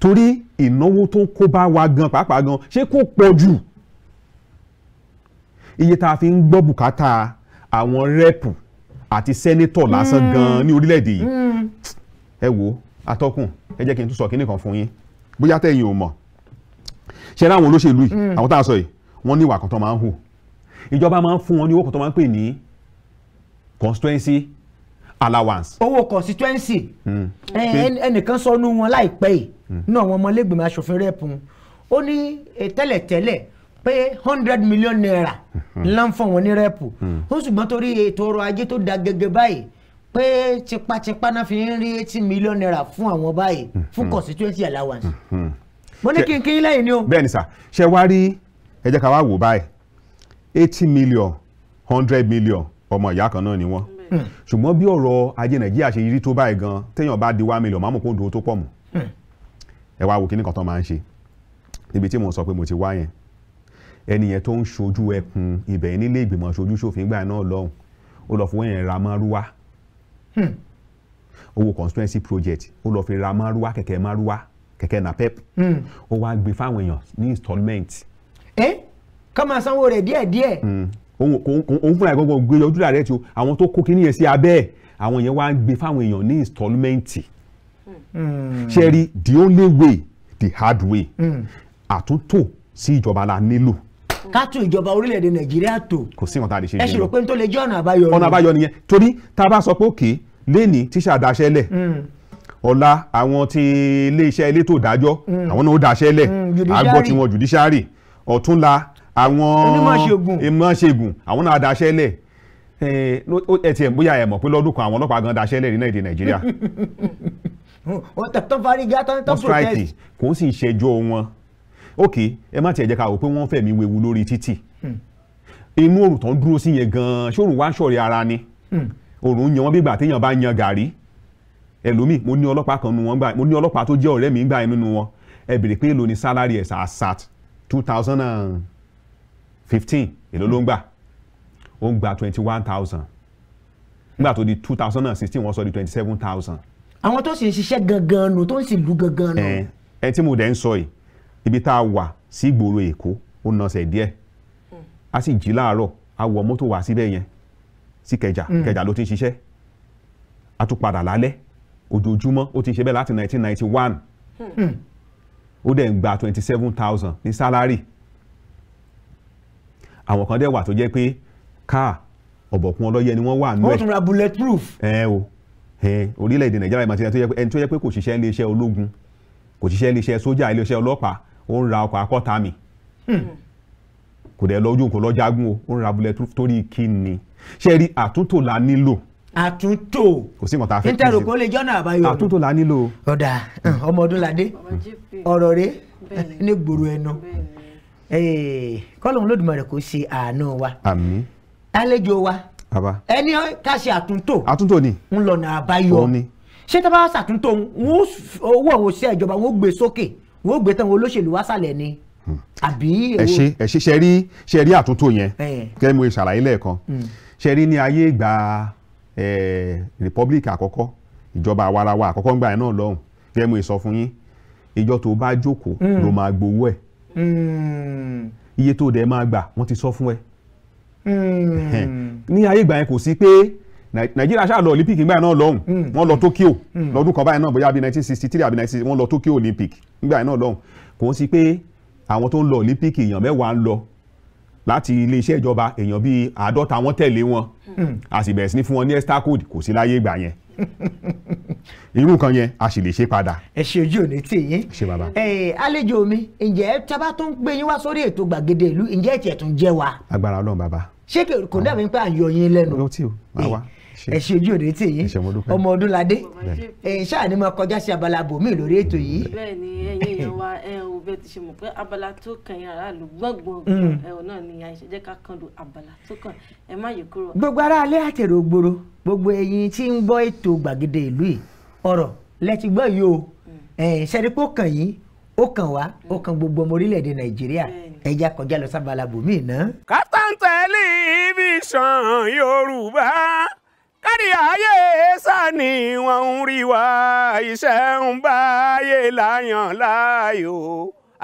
torí ìnáwó tó ń kó bá wa gan pàápàá gan ṣé kò pọ̀ jù iye tá a fi ń gbọ́ bùkátà àwọn rẹ́pù àti sẹ́nítọ̀ lásán gan ní orílẹ̀‐èdè yìí ẹ wo atọ́kùn ẹ jẹ́ kí n tún sọ kinní kan fún yín bóyá tẹ̀yin ò mọ̀ ṣe láwọn olóṣèlú yìí mm. àwọn tá a sọ yìí wọ́n ní ìwà kan tó máa ń hù ìjọba máa ń fún wọn ní owó kan tó máa ń pè ní constituency allowance. owó constituency mm. ẹnìkan sọnù wọn láìpẹ́ yìí mm. náà wọn ọmọlẹ́gbẹ̀mọ aṣòfin rẹ́pù ó ní tẹ́lẹ̀tẹ́lẹ̀ pé hundred million naira ńlá mm-hmm. ń fún wọn ní rẹ́pù ó ṣùgbọ́n torí ètò ọrọ̀ ajé tó da gẹ́gẹ́ báyìí pé tipátipá náà fi ń rí eighty million naira fún àwọn báyìí fún mm-hmm. constituency allowance. Mm-hmm mo ní kí n kí n lẹ́yìn ni o. bẹ́ẹ̀ ni sà ṣe wá rí ẹ ká wá wò báyìí eighty million hundred million ọmọ ìyá kan náà ni wọ́n hmm. ṣùgbọ́n bí ọ̀rọ̀ ajé nàìjíríà ṣe rí tó báyìí gan téèyàn bá di one million máa mú kó dùn ó tó pọ̀ mọ́ hmm. ẹ wá wo kíní kan tó máa ń ṣe níbi tí mo sọ pé mo ti wá yẹn ẹnìyẹn tó ń ṣojú ẹkùn ibẹ̀ nílé ìgbìmọ̀ ṣojú ṣòfin gbà náà lọ́hùn ó lọ fún yẹn ra márúwá owó constituency project ó lọ fi ra márúwá kẹ̀kẹ́ márúwá kẹ̀kẹ́ napep hmm. ó wá gbé fáwọn èèyàn ní installment. ẹ ká máa sanwó rẹ̀ díẹ̀díẹ̀. Hmm. òun fúnra ìgbọ́ngàn gbé ojú rà rẹ̀ tí o àwọn tó kó kíní yẹn sí abẹ́ àwọn yẹn wá gbé fáwọn èèyàn ní installment. Hmm. ṣe rí the only way the hard way àtúntò sí ìjọba la nílò ká tún ìjọba orílẹ̀-èdè nàìjíríà tò. kò sí wọn tá a lè ṣe nìyẹn. ẹ ṣe rò pé n tó lè jẹ́ ọ̀nà àbáyọ. ọ̀nà àbáyọ nìyẹn torí tá a bá sọ pé òkè lẹ́ni tíṣà daṣẹ́ lẹ̀ ọ̀la àwọn ti iléeṣẹ́ elétò ìdájọ́ mm. àwọn náà ó daṣẹ́ lẹ̀ àgbọ̀ mm, tiwọn judiciary ọ̀túnla àwọn onímọ̀ṣègùn àwọn náà daṣẹ́ lẹ̀ ẹ tiẹ̀ bóyá ẹ mọ̀ pé lọ́dún kan àwọn ọlọ́pàá gan daṣẹ́ lẹ̀ nínú èdè Nàìjíríà. tó fárígá tó protest. kò sì ń ṣẹjọ́ wọn ok ẹ má tiẹ̀ jẹ́ ká wò pé wọ́n fẹ̀mí wewu lórí títì hmm. inú òrùn tó dúró sí yẹn gan-an ṣé òrùn wá ń ṣọ̀rẹ́ ara ni hmm. òrùn yan wọn bí ìgbà téèyàn bá yan gàrí ẹlòmíì mo ní ọlọ́pàá kan nu wọn gbà mo ní ọlọ́pàá tó jẹ́ ọ̀rẹ́ mi gbà nínú wọn ẹ bèrè pé èlò ni salary ẹ̀ sàásàt two thousand and fifteen èlò ló ń gbà ó ń gba twenty one thousand nígbà tó di two thousand and sixteen wọ́n sọ di twenty seven thousand. àwọn tó sì ń ṣiṣẹ́ gangan nù tó ń sì lù gangan nù. ẹ ẹ tí mo dẹ̀ ń sọ yìí ibi tá a wà sí ìgboro èkó ó nọsẹ̀ díẹ̀ a sì jí láàárọ̀ a wọ mọ́tò wá síbẹ̀ yẹn sí kẹjà mm. kẹjà ló ti ń ṣiṣẹ́ a tún padà lálẹ́ ojoojúmọ́ ó ti ń ṣe bẹ́ẹ̀ láti 1991 hmm. ó dẹ̀ ń gba 27,000 ní sálárì àwọn kan dẹ̀ wà tó jẹ́ pé káà ọ̀bọ̀kún ọlọ́yẹ ni wọ́n wà nú ẹ̀. wọ́n ra bullet proof. ẹ o orílẹ̀-èdè nàìjíríà ìmọ̀ àti ẹni tó yẹ pé kò ṣiṣẹ́ iléeṣẹ́ ológun kò ṣiṣẹ́ iléeṣẹ́ sójà iléeṣẹ́ ọlọ́pàá ó ń ra ọkọ̀ akọ́ta mi hmm. kò dẹ̀ lọ́jú kò lọ́jágún o ó ń ra bullet proof torí kí ni ṣe rí àtúntò la nílò Atunto kò sí mọ̀tà fẹ́ẹ́ nítorí kò lè jọ́nà àbáyọ àtúntò là nílò. ọ̀dà hmm. ọmọ ọdún ládé ọ̀rọ̀ rẹ ní gbòòrò ẹnu kọ́lọ́hún lódùmarè kò ṣe àánú wa àmín wa ẹni ká ṣe àtúntò àtúntò ni ń lọ́nà àbáyọ ṣé tá a bá ṣàtúntò owó àwọn òṣìṣẹ́ ìjọba wọn ó gbé sókè wọn ó gbé tán wọn olóṣèlú wá sálẹ̀ ni hmm. àbí ẹ ṣe ẹ ṣe ṣe rí ṣe rí àtúntò yẹn kẹ́ ṣàlàyé lẹ́ẹ̀kan hmm. ṣe rí ní ayé ìgbà republic àkọ́kọ́ ìjọba àwarawa àkọ́kọ́ ń gbà yẹn náà lọ́hùn gẹ́gẹ́ mo sọ fún yín ìjọ tó bá jókòó hmm. ló máa gbowó ẹ̀ hmm. iye tó dẹ̀ máa gbà wọ́n ti sọ fún ẹ. Hmm. ní ayé ìgbà yẹn kò sí pé nàìjíríà ṣáà lọ olympic ìgbà náà lọ́hùn wọ́n lọ tokyo lọ́dún kan báyìí náà bóyá bíi 1963 sixty three àbí nineteen sixty wọ́n lọ tokyo olympic ìgbà náà lọ́hùn kò sí pé àwọn tó ń lọ olympic èèyàn mẹ́wàá ń lọ láti iléeṣẹ́ ìjọba èèyàn bíi àádọ́ta wọ́n tẹ̀lé wọn hmm. a sì bẹ̀rẹ̀ sí ní fún wọn ní extra code kò sí láyé ìgbà yẹn [laughs] irú nǹkan yẹn a sì lè ṣe padà. ẹ ṣe ojú òní tí yín. ṣe bàbá. àlejò mi ǹjẹ́ tábà tó ń gbé yín wá sórí ètò gbàgede ìlú ǹjẹ́ ẹ̀ tiẹ̀ jẹ́ wa. agbára Ọlọ́run bàbá. ṣé kò dàbí pé à ń yọ yín lẹ́nu. ọ̀rọ̀ o máa wá ẹ ṣe ojú òde tì yín ọmọ Ọdúnládé ẹ̀yin ṣáà ni mo kọjá sí abala bòmíì lórí ètò yìí. bẹ́ẹ̀ni ẹ̀yin èèyàn wa ẹ ò bẹ ti ṣe mọ̀ pé abala tó kan yín aráàlú gbọngbọn mm. ẹ ò náà ni àìṣe jẹ ká kan lu abala tó kàn ẹ má yẹ kúrò. gbogbo aráalé àtẹ̀rò gbòòrò gbogbo ẹ̀yin tí ń gbọ́ ètò gbàgede ìlú yìí ọ̀rọ̀ lẹ́ti gbọ́ yìí o mm. ṣẹ́rípò kàn yín ó kàn wá ó kàn mm. gbogbo ọmọ orílẹ̀-èdè Nàìjíríà ẹja kọjá lọ sábàlá bòmíì náà. Kaftan Television Yorùbá kárí ayé sani wọ́n ń rí wa iṣẹ́ ń báyé láyàn láàyò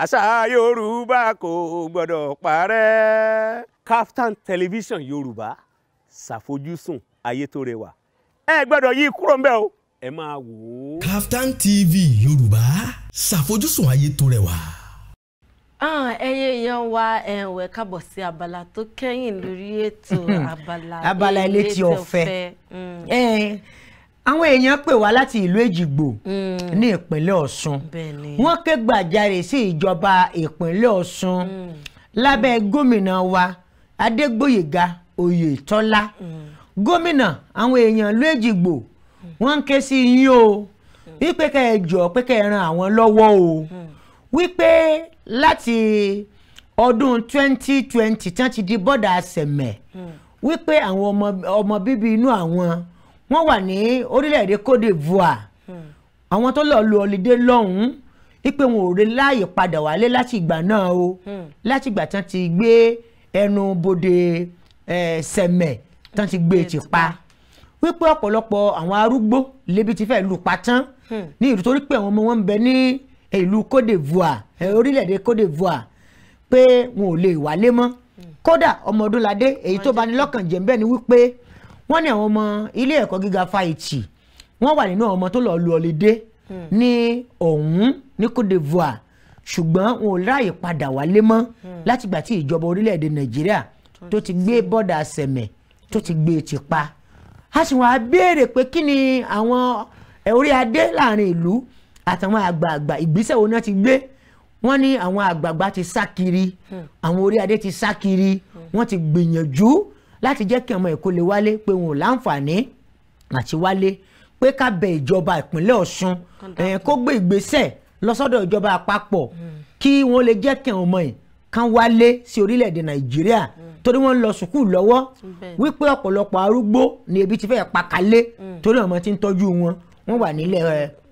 àṣà yorùbá kò gbọ́dọ̀ parẹ́. Kaftan television yorùbá ṣàfojúsùn ayé tó rẹwà ẹ gbọ́dọ̀ yí kúrò ń bẹ̀ o ẹ máa wò ó. Kaftan TV yorùbá ṣàfojúsùn ayé tó rẹwà. Ah, ẹyẹ èèyàn wa ẹ̀wẹ̀ kábọ̀ sí abala tó kẹ́yìn lórí ètò [laughs] abala abala elétí ọ̀fẹ́ mm. àwọn èèyàn pè wá láti ìlú èjìgbò mm. ní ìpínlẹ̀ ọ̀ṣun wọ́n ké gbàjarè sí ìjọba ìpínlẹ̀ ọ̀ṣun mm. lábẹ́ gómìnà wa adégbòyèga oyètọ́lá gómìnà àwọn èèyàn ìlú èjìgbò wọ́n ń ké sí yín o wípé kẹ́ ẹ jọ̀ọ́ pé kẹ́ ẹ ran àwọn lọ́wọ́ o wípé láti ọdún 2020 tí wọ́n ti di bọ́dà sẹ̀mẹ̀ wípé àwọn ọmọ bíbí inú àwọn wọ́n wà ní orílẹ̀-èdè Côte d'Ivoire àwọn tó lọ́ọ́ lu ọ̀lídé lọ́hùn-ún wípé wọn ò rí láàyè padà wálé láti ìgbà náà o láti ìgbà tán ti gbé ẹnu bodè sẹ̀mẹ̀ tán ti gbé e ti pa wípé ọ̀pọ̀lọpọ̀ àwọn arúgbó lébi ti fẹ́ lù pa tán ní ìlú torí pé àwọn ọmọ wọn ń bẹ ní ìlú Côte d'Ivoire orílẹ̀-èdè Côte d'Ivoire pé wọn ò lè wálé mọ́ kódà ọmọ Ọdúnládé èyí tó bani lọ́kàn jẹ́ bẹ́ẹ̀ ni wípé wọ́n ní àwọn ọmọ ilé ẹ̀kọ́ gíga Fáìtì wọ́n wà nínú àwọn ọmọ tó lọ́ọ́ lu ọ̀lẹ́dẹ́ ní ọ̀hún ní Côte d'Ivoire ṣùgbọ́n wọn ò ráàyè padà wálé mọ́ látìgbà tí ìjọba orílẹ̀-èdè Nàìjíríà tó ti gbé bọ́dà sẹ̀mẹ̀ tó ti gbé e ti pa a sì wọ́n á béèrè pé kí ni àwọn orí adé láàrin ìlú àtàwọn àgbààgbà ìgbésẹ̀ wo náà ti gbé wọ́n ní àwọn àgbààgbà ti sá kiri hmm. àwọn orí adé ti sá kiri hmm. wọ́n ti gbìyànjú láti jẹ́ kí ọmọ Èkó lè wálé pé wọn ò láǹfààní àti wálé pé ká bẹ ìjọba ìpínlẹ̀ Ọ̀ṣun kó gbé ìgbésẹ̀ lọ́sọ́dọ̀ ìjọba àpapọ̀ hmm. kí wọ́n lè jẹ́ kí ọmọ yìí kán wálé sí orílẹ̀-èdè Nàìjíríà torí wọ́n ń lọ sùkúù lọ́wọ́ wípé ọ̀pọ̀lọpọ̀ arúgbó ni ebi ti fẹ́ pa kalẹ̀ torí ọmọ ti ń tọ́jú wọn wọ́n wà nílẹ̀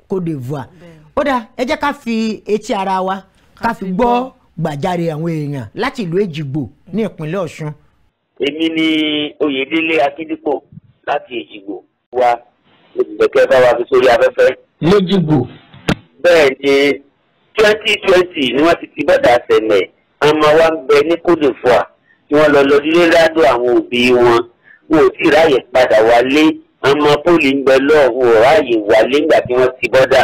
Côte d'Ivoire ó dáa ẹ jẹ́ ká fi etí ara wa ká fi gbọ́ gbàjáre àwọn èèyàn láti ìlú Èjìgbò ní ìpínlẹ̀ Ọ̀ṣun. èmi ni Oyèdélé Akíndípò láti Èjìgbò wa olùdókè bá wa fi sórí afẹ́fẹ́. lójúgbò. bẹ́ẹ̀ ni twenty twenty ni wọ́n ti ti bọ́dà sẹ̀lẹ̀ ọmọ wa ń bẹ ní Côte d'Ivoire tí wọ́n lọ lọ nílé ládùn àwọn òbí wọn wọn ò tí ì ráàyè padà wálé ọmọ pọ́lì ń bẹ lọ́ọ̀hún ọ̀ráyè wà lẹ́gbà tí wọ́n ti bọ́dà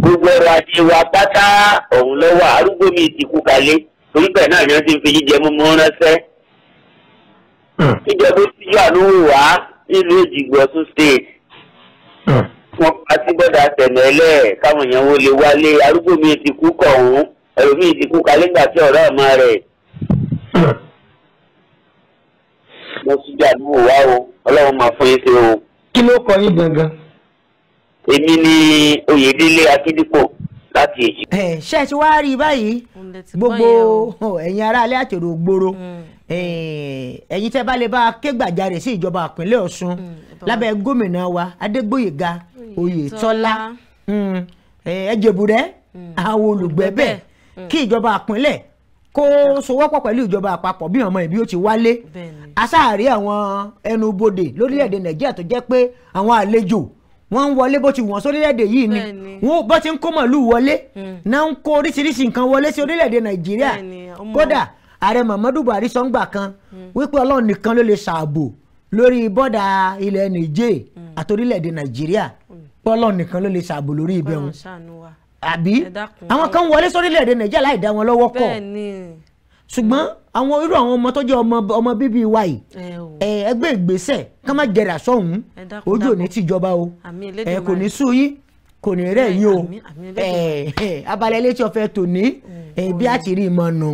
gbogbo ọrọ̀ ajé wa pátá ọ̀hún lọ́wọ́ arúgbó mi ti kú kalẹ̀ torí bẹ́ẹ̀ náà ni wọ́n ti ń fi jíjẹ mímú ránṣẹ́. ìjọba hmm. ti yọ àdúgbò wá nílùú èjìgbò ọ̀tún state hmm. wọn pa sí bọ́dà tẹ̀mẹ́lẹ̀ káwọn èèyàn wo lè wálé arúgbó mi ti kú kọ̀ọ̀hún ẹlòmíì ti kú kalẹ̀ gbà tí ọ̀rọ̀ ọ̀ma rẹ̀ hmm. mo sì jẹ́ àdúgbò wá o ọlọ́run máa fún yín sí o kí ló kọ yín gangan. èmi ni oyèdélé akíndípò láti èjì. ṣé ẹ ti wá rí i báyìí gbogbo ẹ̀yin aráalé àtèrò gbòòrò mm. ẹ̀yin tẹ́ bá lè bá ké gbàjarè sí ìjọba ìpínlẹ̀ Ọ̀ṣun mm, lábẹ́ gómìnà wa Adégbóyèga Oyètọ́lá mm, ẹ̀jẹ̀bùrẹ́ àwọn olùgbẹ́bẹ̀ kí ìjọba ìpínlẹ̀ kó sowọ́pọ̀ pẹ̀lú ìjọba àpapọ̀ bí ọmọ ìbí ó ti wálé asáàrí àwọn ẹnubodè lórílẹ̀‐èdè hmm. nàìjíríà tó jẹ́ pé àwọn àlejò wọ́n ń wọlé bó ti wọ̀n sórílẹ̀‐èdè yìí ni wọ́n bó ti ń kó mọ̀lú wọlé hmm. náà ń kó oríṣiríṣi nǹkan wọlé sí orílẹ̀‐èdè nàìjíríà kódà ààrẹ muhammadu buhari sọ́ngbà kan hmm. wípé ọlọ́run nìkan ló lè ṣààbò lórí bọ́dà ilẹ̀ niger àti orílẹ̀‐èdè nàìjíríà pé ọlọ́run nìkan ló lè ṣààbò lórí ibẹ̀ wọn àbí àwọn kan wọlé sórílẹ̀-èdè nàìjíríà láì dá wọn lọ́wọ́ kọ̀ ṣùgbọ́n àwọn irú àwọn ọmọ tó jẹ́ ọmọ bíbí wa yìí ẹgbẹ́ ìgbésẹ̀ ká má jẹrà sọ́hún ojú ò tìjọba o kò ní sú yín kò ní rẹ̀ yín o abalẹ̀ ilé tí o fẹ́ tò ní mm, bí a ti rí ìmọ̀ nù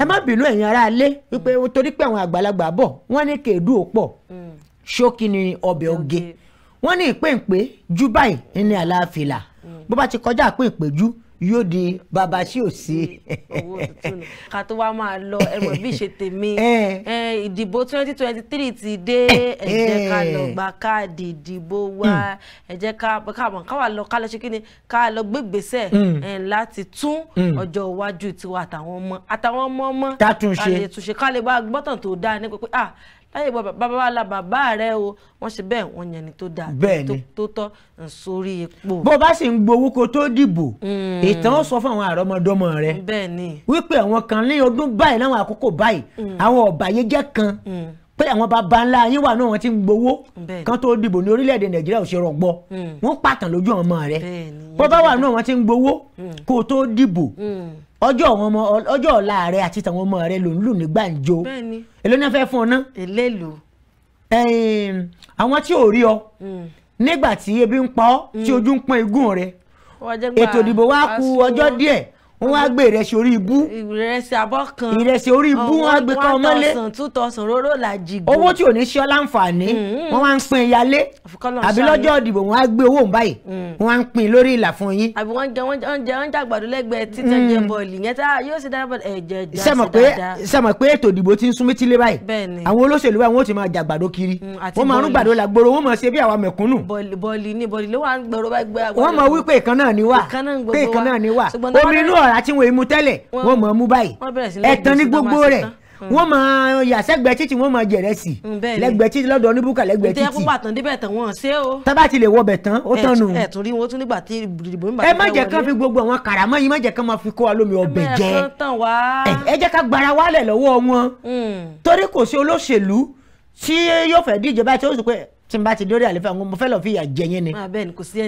ẹ má bínú ẹ̀yin ará ilé wípé mm. torí pé àwọn àgbàlagbà bọ̀ wọ́n ní kèédú ò pọ̀ mm. ṣókí ni ọbẹ̀ oge wọ́n ní ìpéǹpé jù báyìí ní àlàáfíà bó bá ti kọjá àpò ìpẹ́jú yóò di bàbá sí òsì. owó tuntun ká tó wá máa lọ ẹrù bí ṣe tèmi [laughs] ìdìbò twenty twenty three ti dé ẹ ká lọ gba káàdì ìdìbò wa mm. ẹ jẹ́ ká káwa lọ ká lọ ṣe kíni ká lọ gbégbèsè mm. láti tún mm. ọjọ́ iwájú tiwa àtàwọn ọmọ àtàwọn ọmọ ọmọ ká lè túnṣe ká lè bá gbọ́tàn tó dáa ní pé láyé ìwọ bàbá wa la bàbá rẹ o wọ́n ṣe bẹ́ẹ̀ wọ́n yẹn ni tó dáa tó tọ́ nsórí epo. bó o bá sì ń gbowó kó tó dìbò hmm. ìtàn ó sọ fún àwọn àrọmọdọ́mọ rẹ wípé àwọn kan ní ọdún báyìí láwọn àkókò báyìí hmm. àwọn ọ̀bàyéjẹ́ kan hmm. pé àwọn baba ńlá yín wà náà wọn ti ń gbowó kan tó dìbò ní orílẹ̀-èdè nàìjíríà ò ṣe rọ̀gbọ́ wọn pàtàn lójú ọmọ rẹ bọ́bá wà náà wọn ti ń gbowó kó tó dìbò ọjọ́ àwọn ọmọ ọjọ́ ọ̀la rẹ àti tàwọn ọmọ rẹ ló ń lù ní gbàǹjo èló ni wọ́n fẹ́ fún ọ ná. èlélò. àwọn tí ò rí ọ hmm. nígbà tí ebi ń pa ọ tí hmm. ojú ń pọ́n igun rẹ ètò ìdìbò wa kù ọjọ́ díẹ̀ wọ́n á gbé ìrẹsì orí ibú. ìrẹsì abọ́ kan ìrẹsì orí ibú wọ́n á gbé kan ọmọlé. one thousand two thousand róró la jìgbó. owó tí ò ní ṣe ọ́ láǹfààní mm-hmm. wọ́n wá ń pín in yálé àbí lọ́jọ́ ìdìbò wọ́n á gbé owó ń báyìí mm. wọ́n á ń pín in lórí ìlà fún yín. àbí wọ́n jẹ wọ́n jẹ wọ́n jàgbàdo lẹ́gbẹ̀ẹ́ títẹ̀ jẹ mm. bọ́ọ̀lì yẹn tá yóò ṣe dáadáa bọ́ọ̀lì ẹ̀jẹ̀ ẹ̀jẹ̀ ṣe dáadáa. sẹ́mọ̀ pé ètò ìdìbò ti ń sún mí tílé báyìí àwọn olóṣèlú báyìí wọ́n ti máa jàgbàdo kiri mm, wọ́n máa ń gbàdo làgbòrò wọ́n máa ṣe bí àwa mẹ̀kúnnù. bọ́ọ̀lì ni bọ́ọ̀lì ló wà ń gbòòrò bá gbé àgbòrò. wọ́n máa wí pé àkàrà tí wọ́n mú tẹ́lẹ̀ wọ́n mọ̀ mú báyìí ẹ̀tàn ní gbogbo rẹ̀ wọ́n hmm. máa yàsẹ́gbẹ́ títì wọ́n máa jẹ̀rẹ́ sí hmm, lẹ́gbẹ́ títì lọ́dọ̀ oníbùkà lẹ́gbẹ́ títì. ìtẹ́kùn bàtàn débẹ̀ tán wọ́n ṣe o. tábà ti lè wọ bẹ̀ tán ó tán nù. ẹ tún rí wọn tún nígbà tí ìdìbò ń bá. ẹ má jẹ́ kán fi gbogbo àwọn karamọ́ yìí má jẹ́ kán máa fi kó wa lómi ọbẹ̀ jẹ. ẹ jẹ́ ká gbara wálẹ̀ lọ́wọ́ wọn. Hmm. torí kò sí olóṣèlú tí yóò fẹ́ díje báyìí tí ó sì pé tí n bá ti dórí àlefa mo fẹ́ lọ fi ìyà jẹ yín ni ah,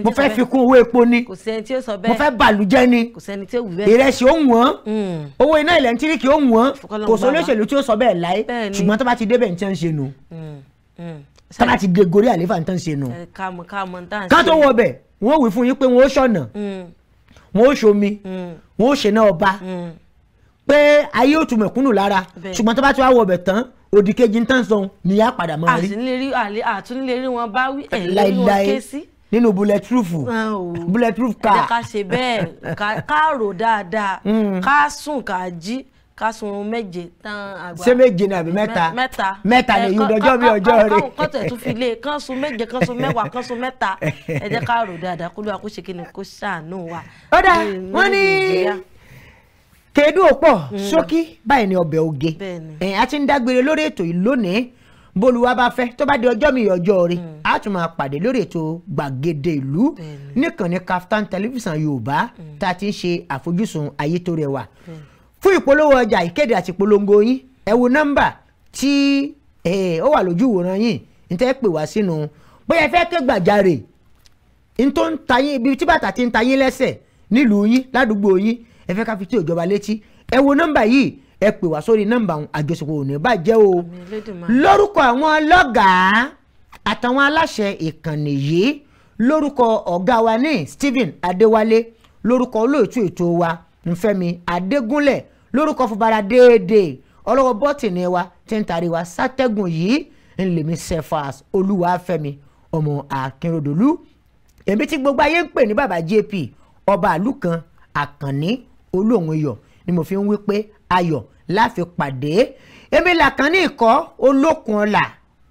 mo fẹ́ fi kún owó epo ni mo fẹ́ bàlújẹ́ ni ìrẹsì ó wọ́n hmm. owó iná ẹ̀lẹ́ntíríkì ó wọ́n kò sọ olóṣèlú tí ó sọ bẹ́ẹ̀ láyé ṣùgbọ́n tó bá ti débẹ̀ ní tí wọ́n ń ṣe nù hmm, hmm. tó bá ti gorí àlefa ní tí wọ́n ń ṣe nù eh, ká tó wọ bẹ̀ wọ́n wí fún yín pé wọ́n ó ṣọ̀nà wọ́n ó ṣomi wọ́n ó ṣe ọba pé ayé òtún mẹ̀kúnnù lára ṣùgbọ́n tó bá ti wá wọ bẹ̀ tán òdì kejì ń tán ni yà padà máa rí. àtúnlé rí wọn bá wí ẹ̀ lórí wọn ké sí bulletproof ah, bulletproof car. ẹ̀ka ṣe bẹ́ẹ̀ ká rò dáadáa hmm. ká sùn ká jí ká sun méje tán àgbà. ṣé méje ni àbí mẹ́ta mẹ́ta mẹ́ta ni yìí dọjọ́ bí ọjọ́ rẹ̀. kán tẹ̀ tún fi lé kán sun méje kán sun mẹ́wàá kán sun mẹ́ta ẹ jẹ́ ká rò dáadáa kó lóra kó ṣe kí ni wa. ó dà tèdú òpọ̀ mm. ṣókí báyìí ni ọbẹ̀ oge ẹ̀yìn a ti ń dágbére lórí ètò yìí lónìí bólúwa bá fẹ́ tó bá di ọjọ́ mi ọjọ́ rẹ̀ mm. a tún máa pàdé lórí ètò gbàgede ìlú níkànnì Kaftan television yorùbá mm. tá a ti ń ṣe àfojúsùn ayé tó rẹwà fún ìpolówó ọjà ìkéde àti ìpolongo yín ẹ wo nọ́mbà tí ó wà lójú ìwòran yìí ní tẹ́ pè wá sínú bóyá ẹ fẹ́ ké gbàjarè ní tó ń ta yín ibi tí bàtà ti ń ta yín lẹ́sẹ̀ nílùú yín ládùúgbò yín ẹ fẹ́ ká fi tí òjọba létí ẹ wo nọ́mbà yìí ẹ pè wá sórí nọ́mbà ọ̀hún àjọṣepọ̀ ò ní bàjẹ́ o lórúkọ àwọn ọlọ́gàá àtàwọn aláṣẹ ìkànnì yìí lórúkọ ọ̀gá wa ní Stephen Adéwálé lórúkọ olóòtú ètò wa Nfẹ́mi Adégúnlẹ̀ lórúkọ fúnbara déédéé ọlọ́wọ́ bọ́tìnì wa ti ń tari wa sátẹ́gùn yìí ńlẹ̀mí Cephas Olúwafẹ́mi ọmọ Akínrodolú èmi tí gbogbo ayé ń pè ní bàbá JP ọba àlù àkànní olóhùn iyọ̀ ni mo fi ń wí pé ayọ̀ láfi pàdé èmi làkàn ní ìkọ́ olókun ọ̀la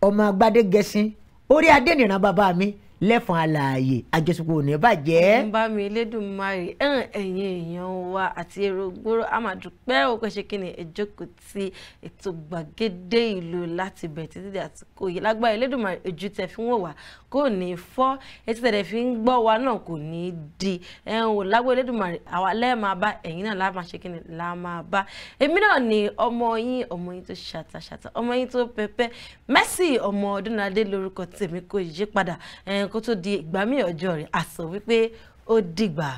ọmọ agbádé gẹṣin orí adé nìran bàbá mi lẹ́fọn alààyè àjọṣepọ̀ ò ní bàjẹ́. ń bá mi Elédùmarè ẹ̀hàn ẹ̀yìn èèyàn wa àti èrò gbòòrò amàdùpẹ́ òkèṣekínì ìjókòó ti ètò gbàgede ìlú láti bẹ̀rẹ̀ títí di àsìkò yìí lágbára mari ojú tẹ fi ń wò wá kò ní fọ́ etí tẹ̀lé fi ń gbọ́ wa náà kò ní di ẹ̀hàn wò lágbára mari àwa lẹ́ẹ̀ máa bá ẹ̀yìn náà láàmà ṣe kíni láà máa bá èmi náà ni ọmọ yín ọmọ yín tó ṣàtàṣàtà ọmọ yín tó pẹpẹ Mercy ọmọ Ọdúnladé lórúkọ tèmi kó tó di ìgbà míì ọjọ́ rẹ̀ a sọ wípé ó dìgbà.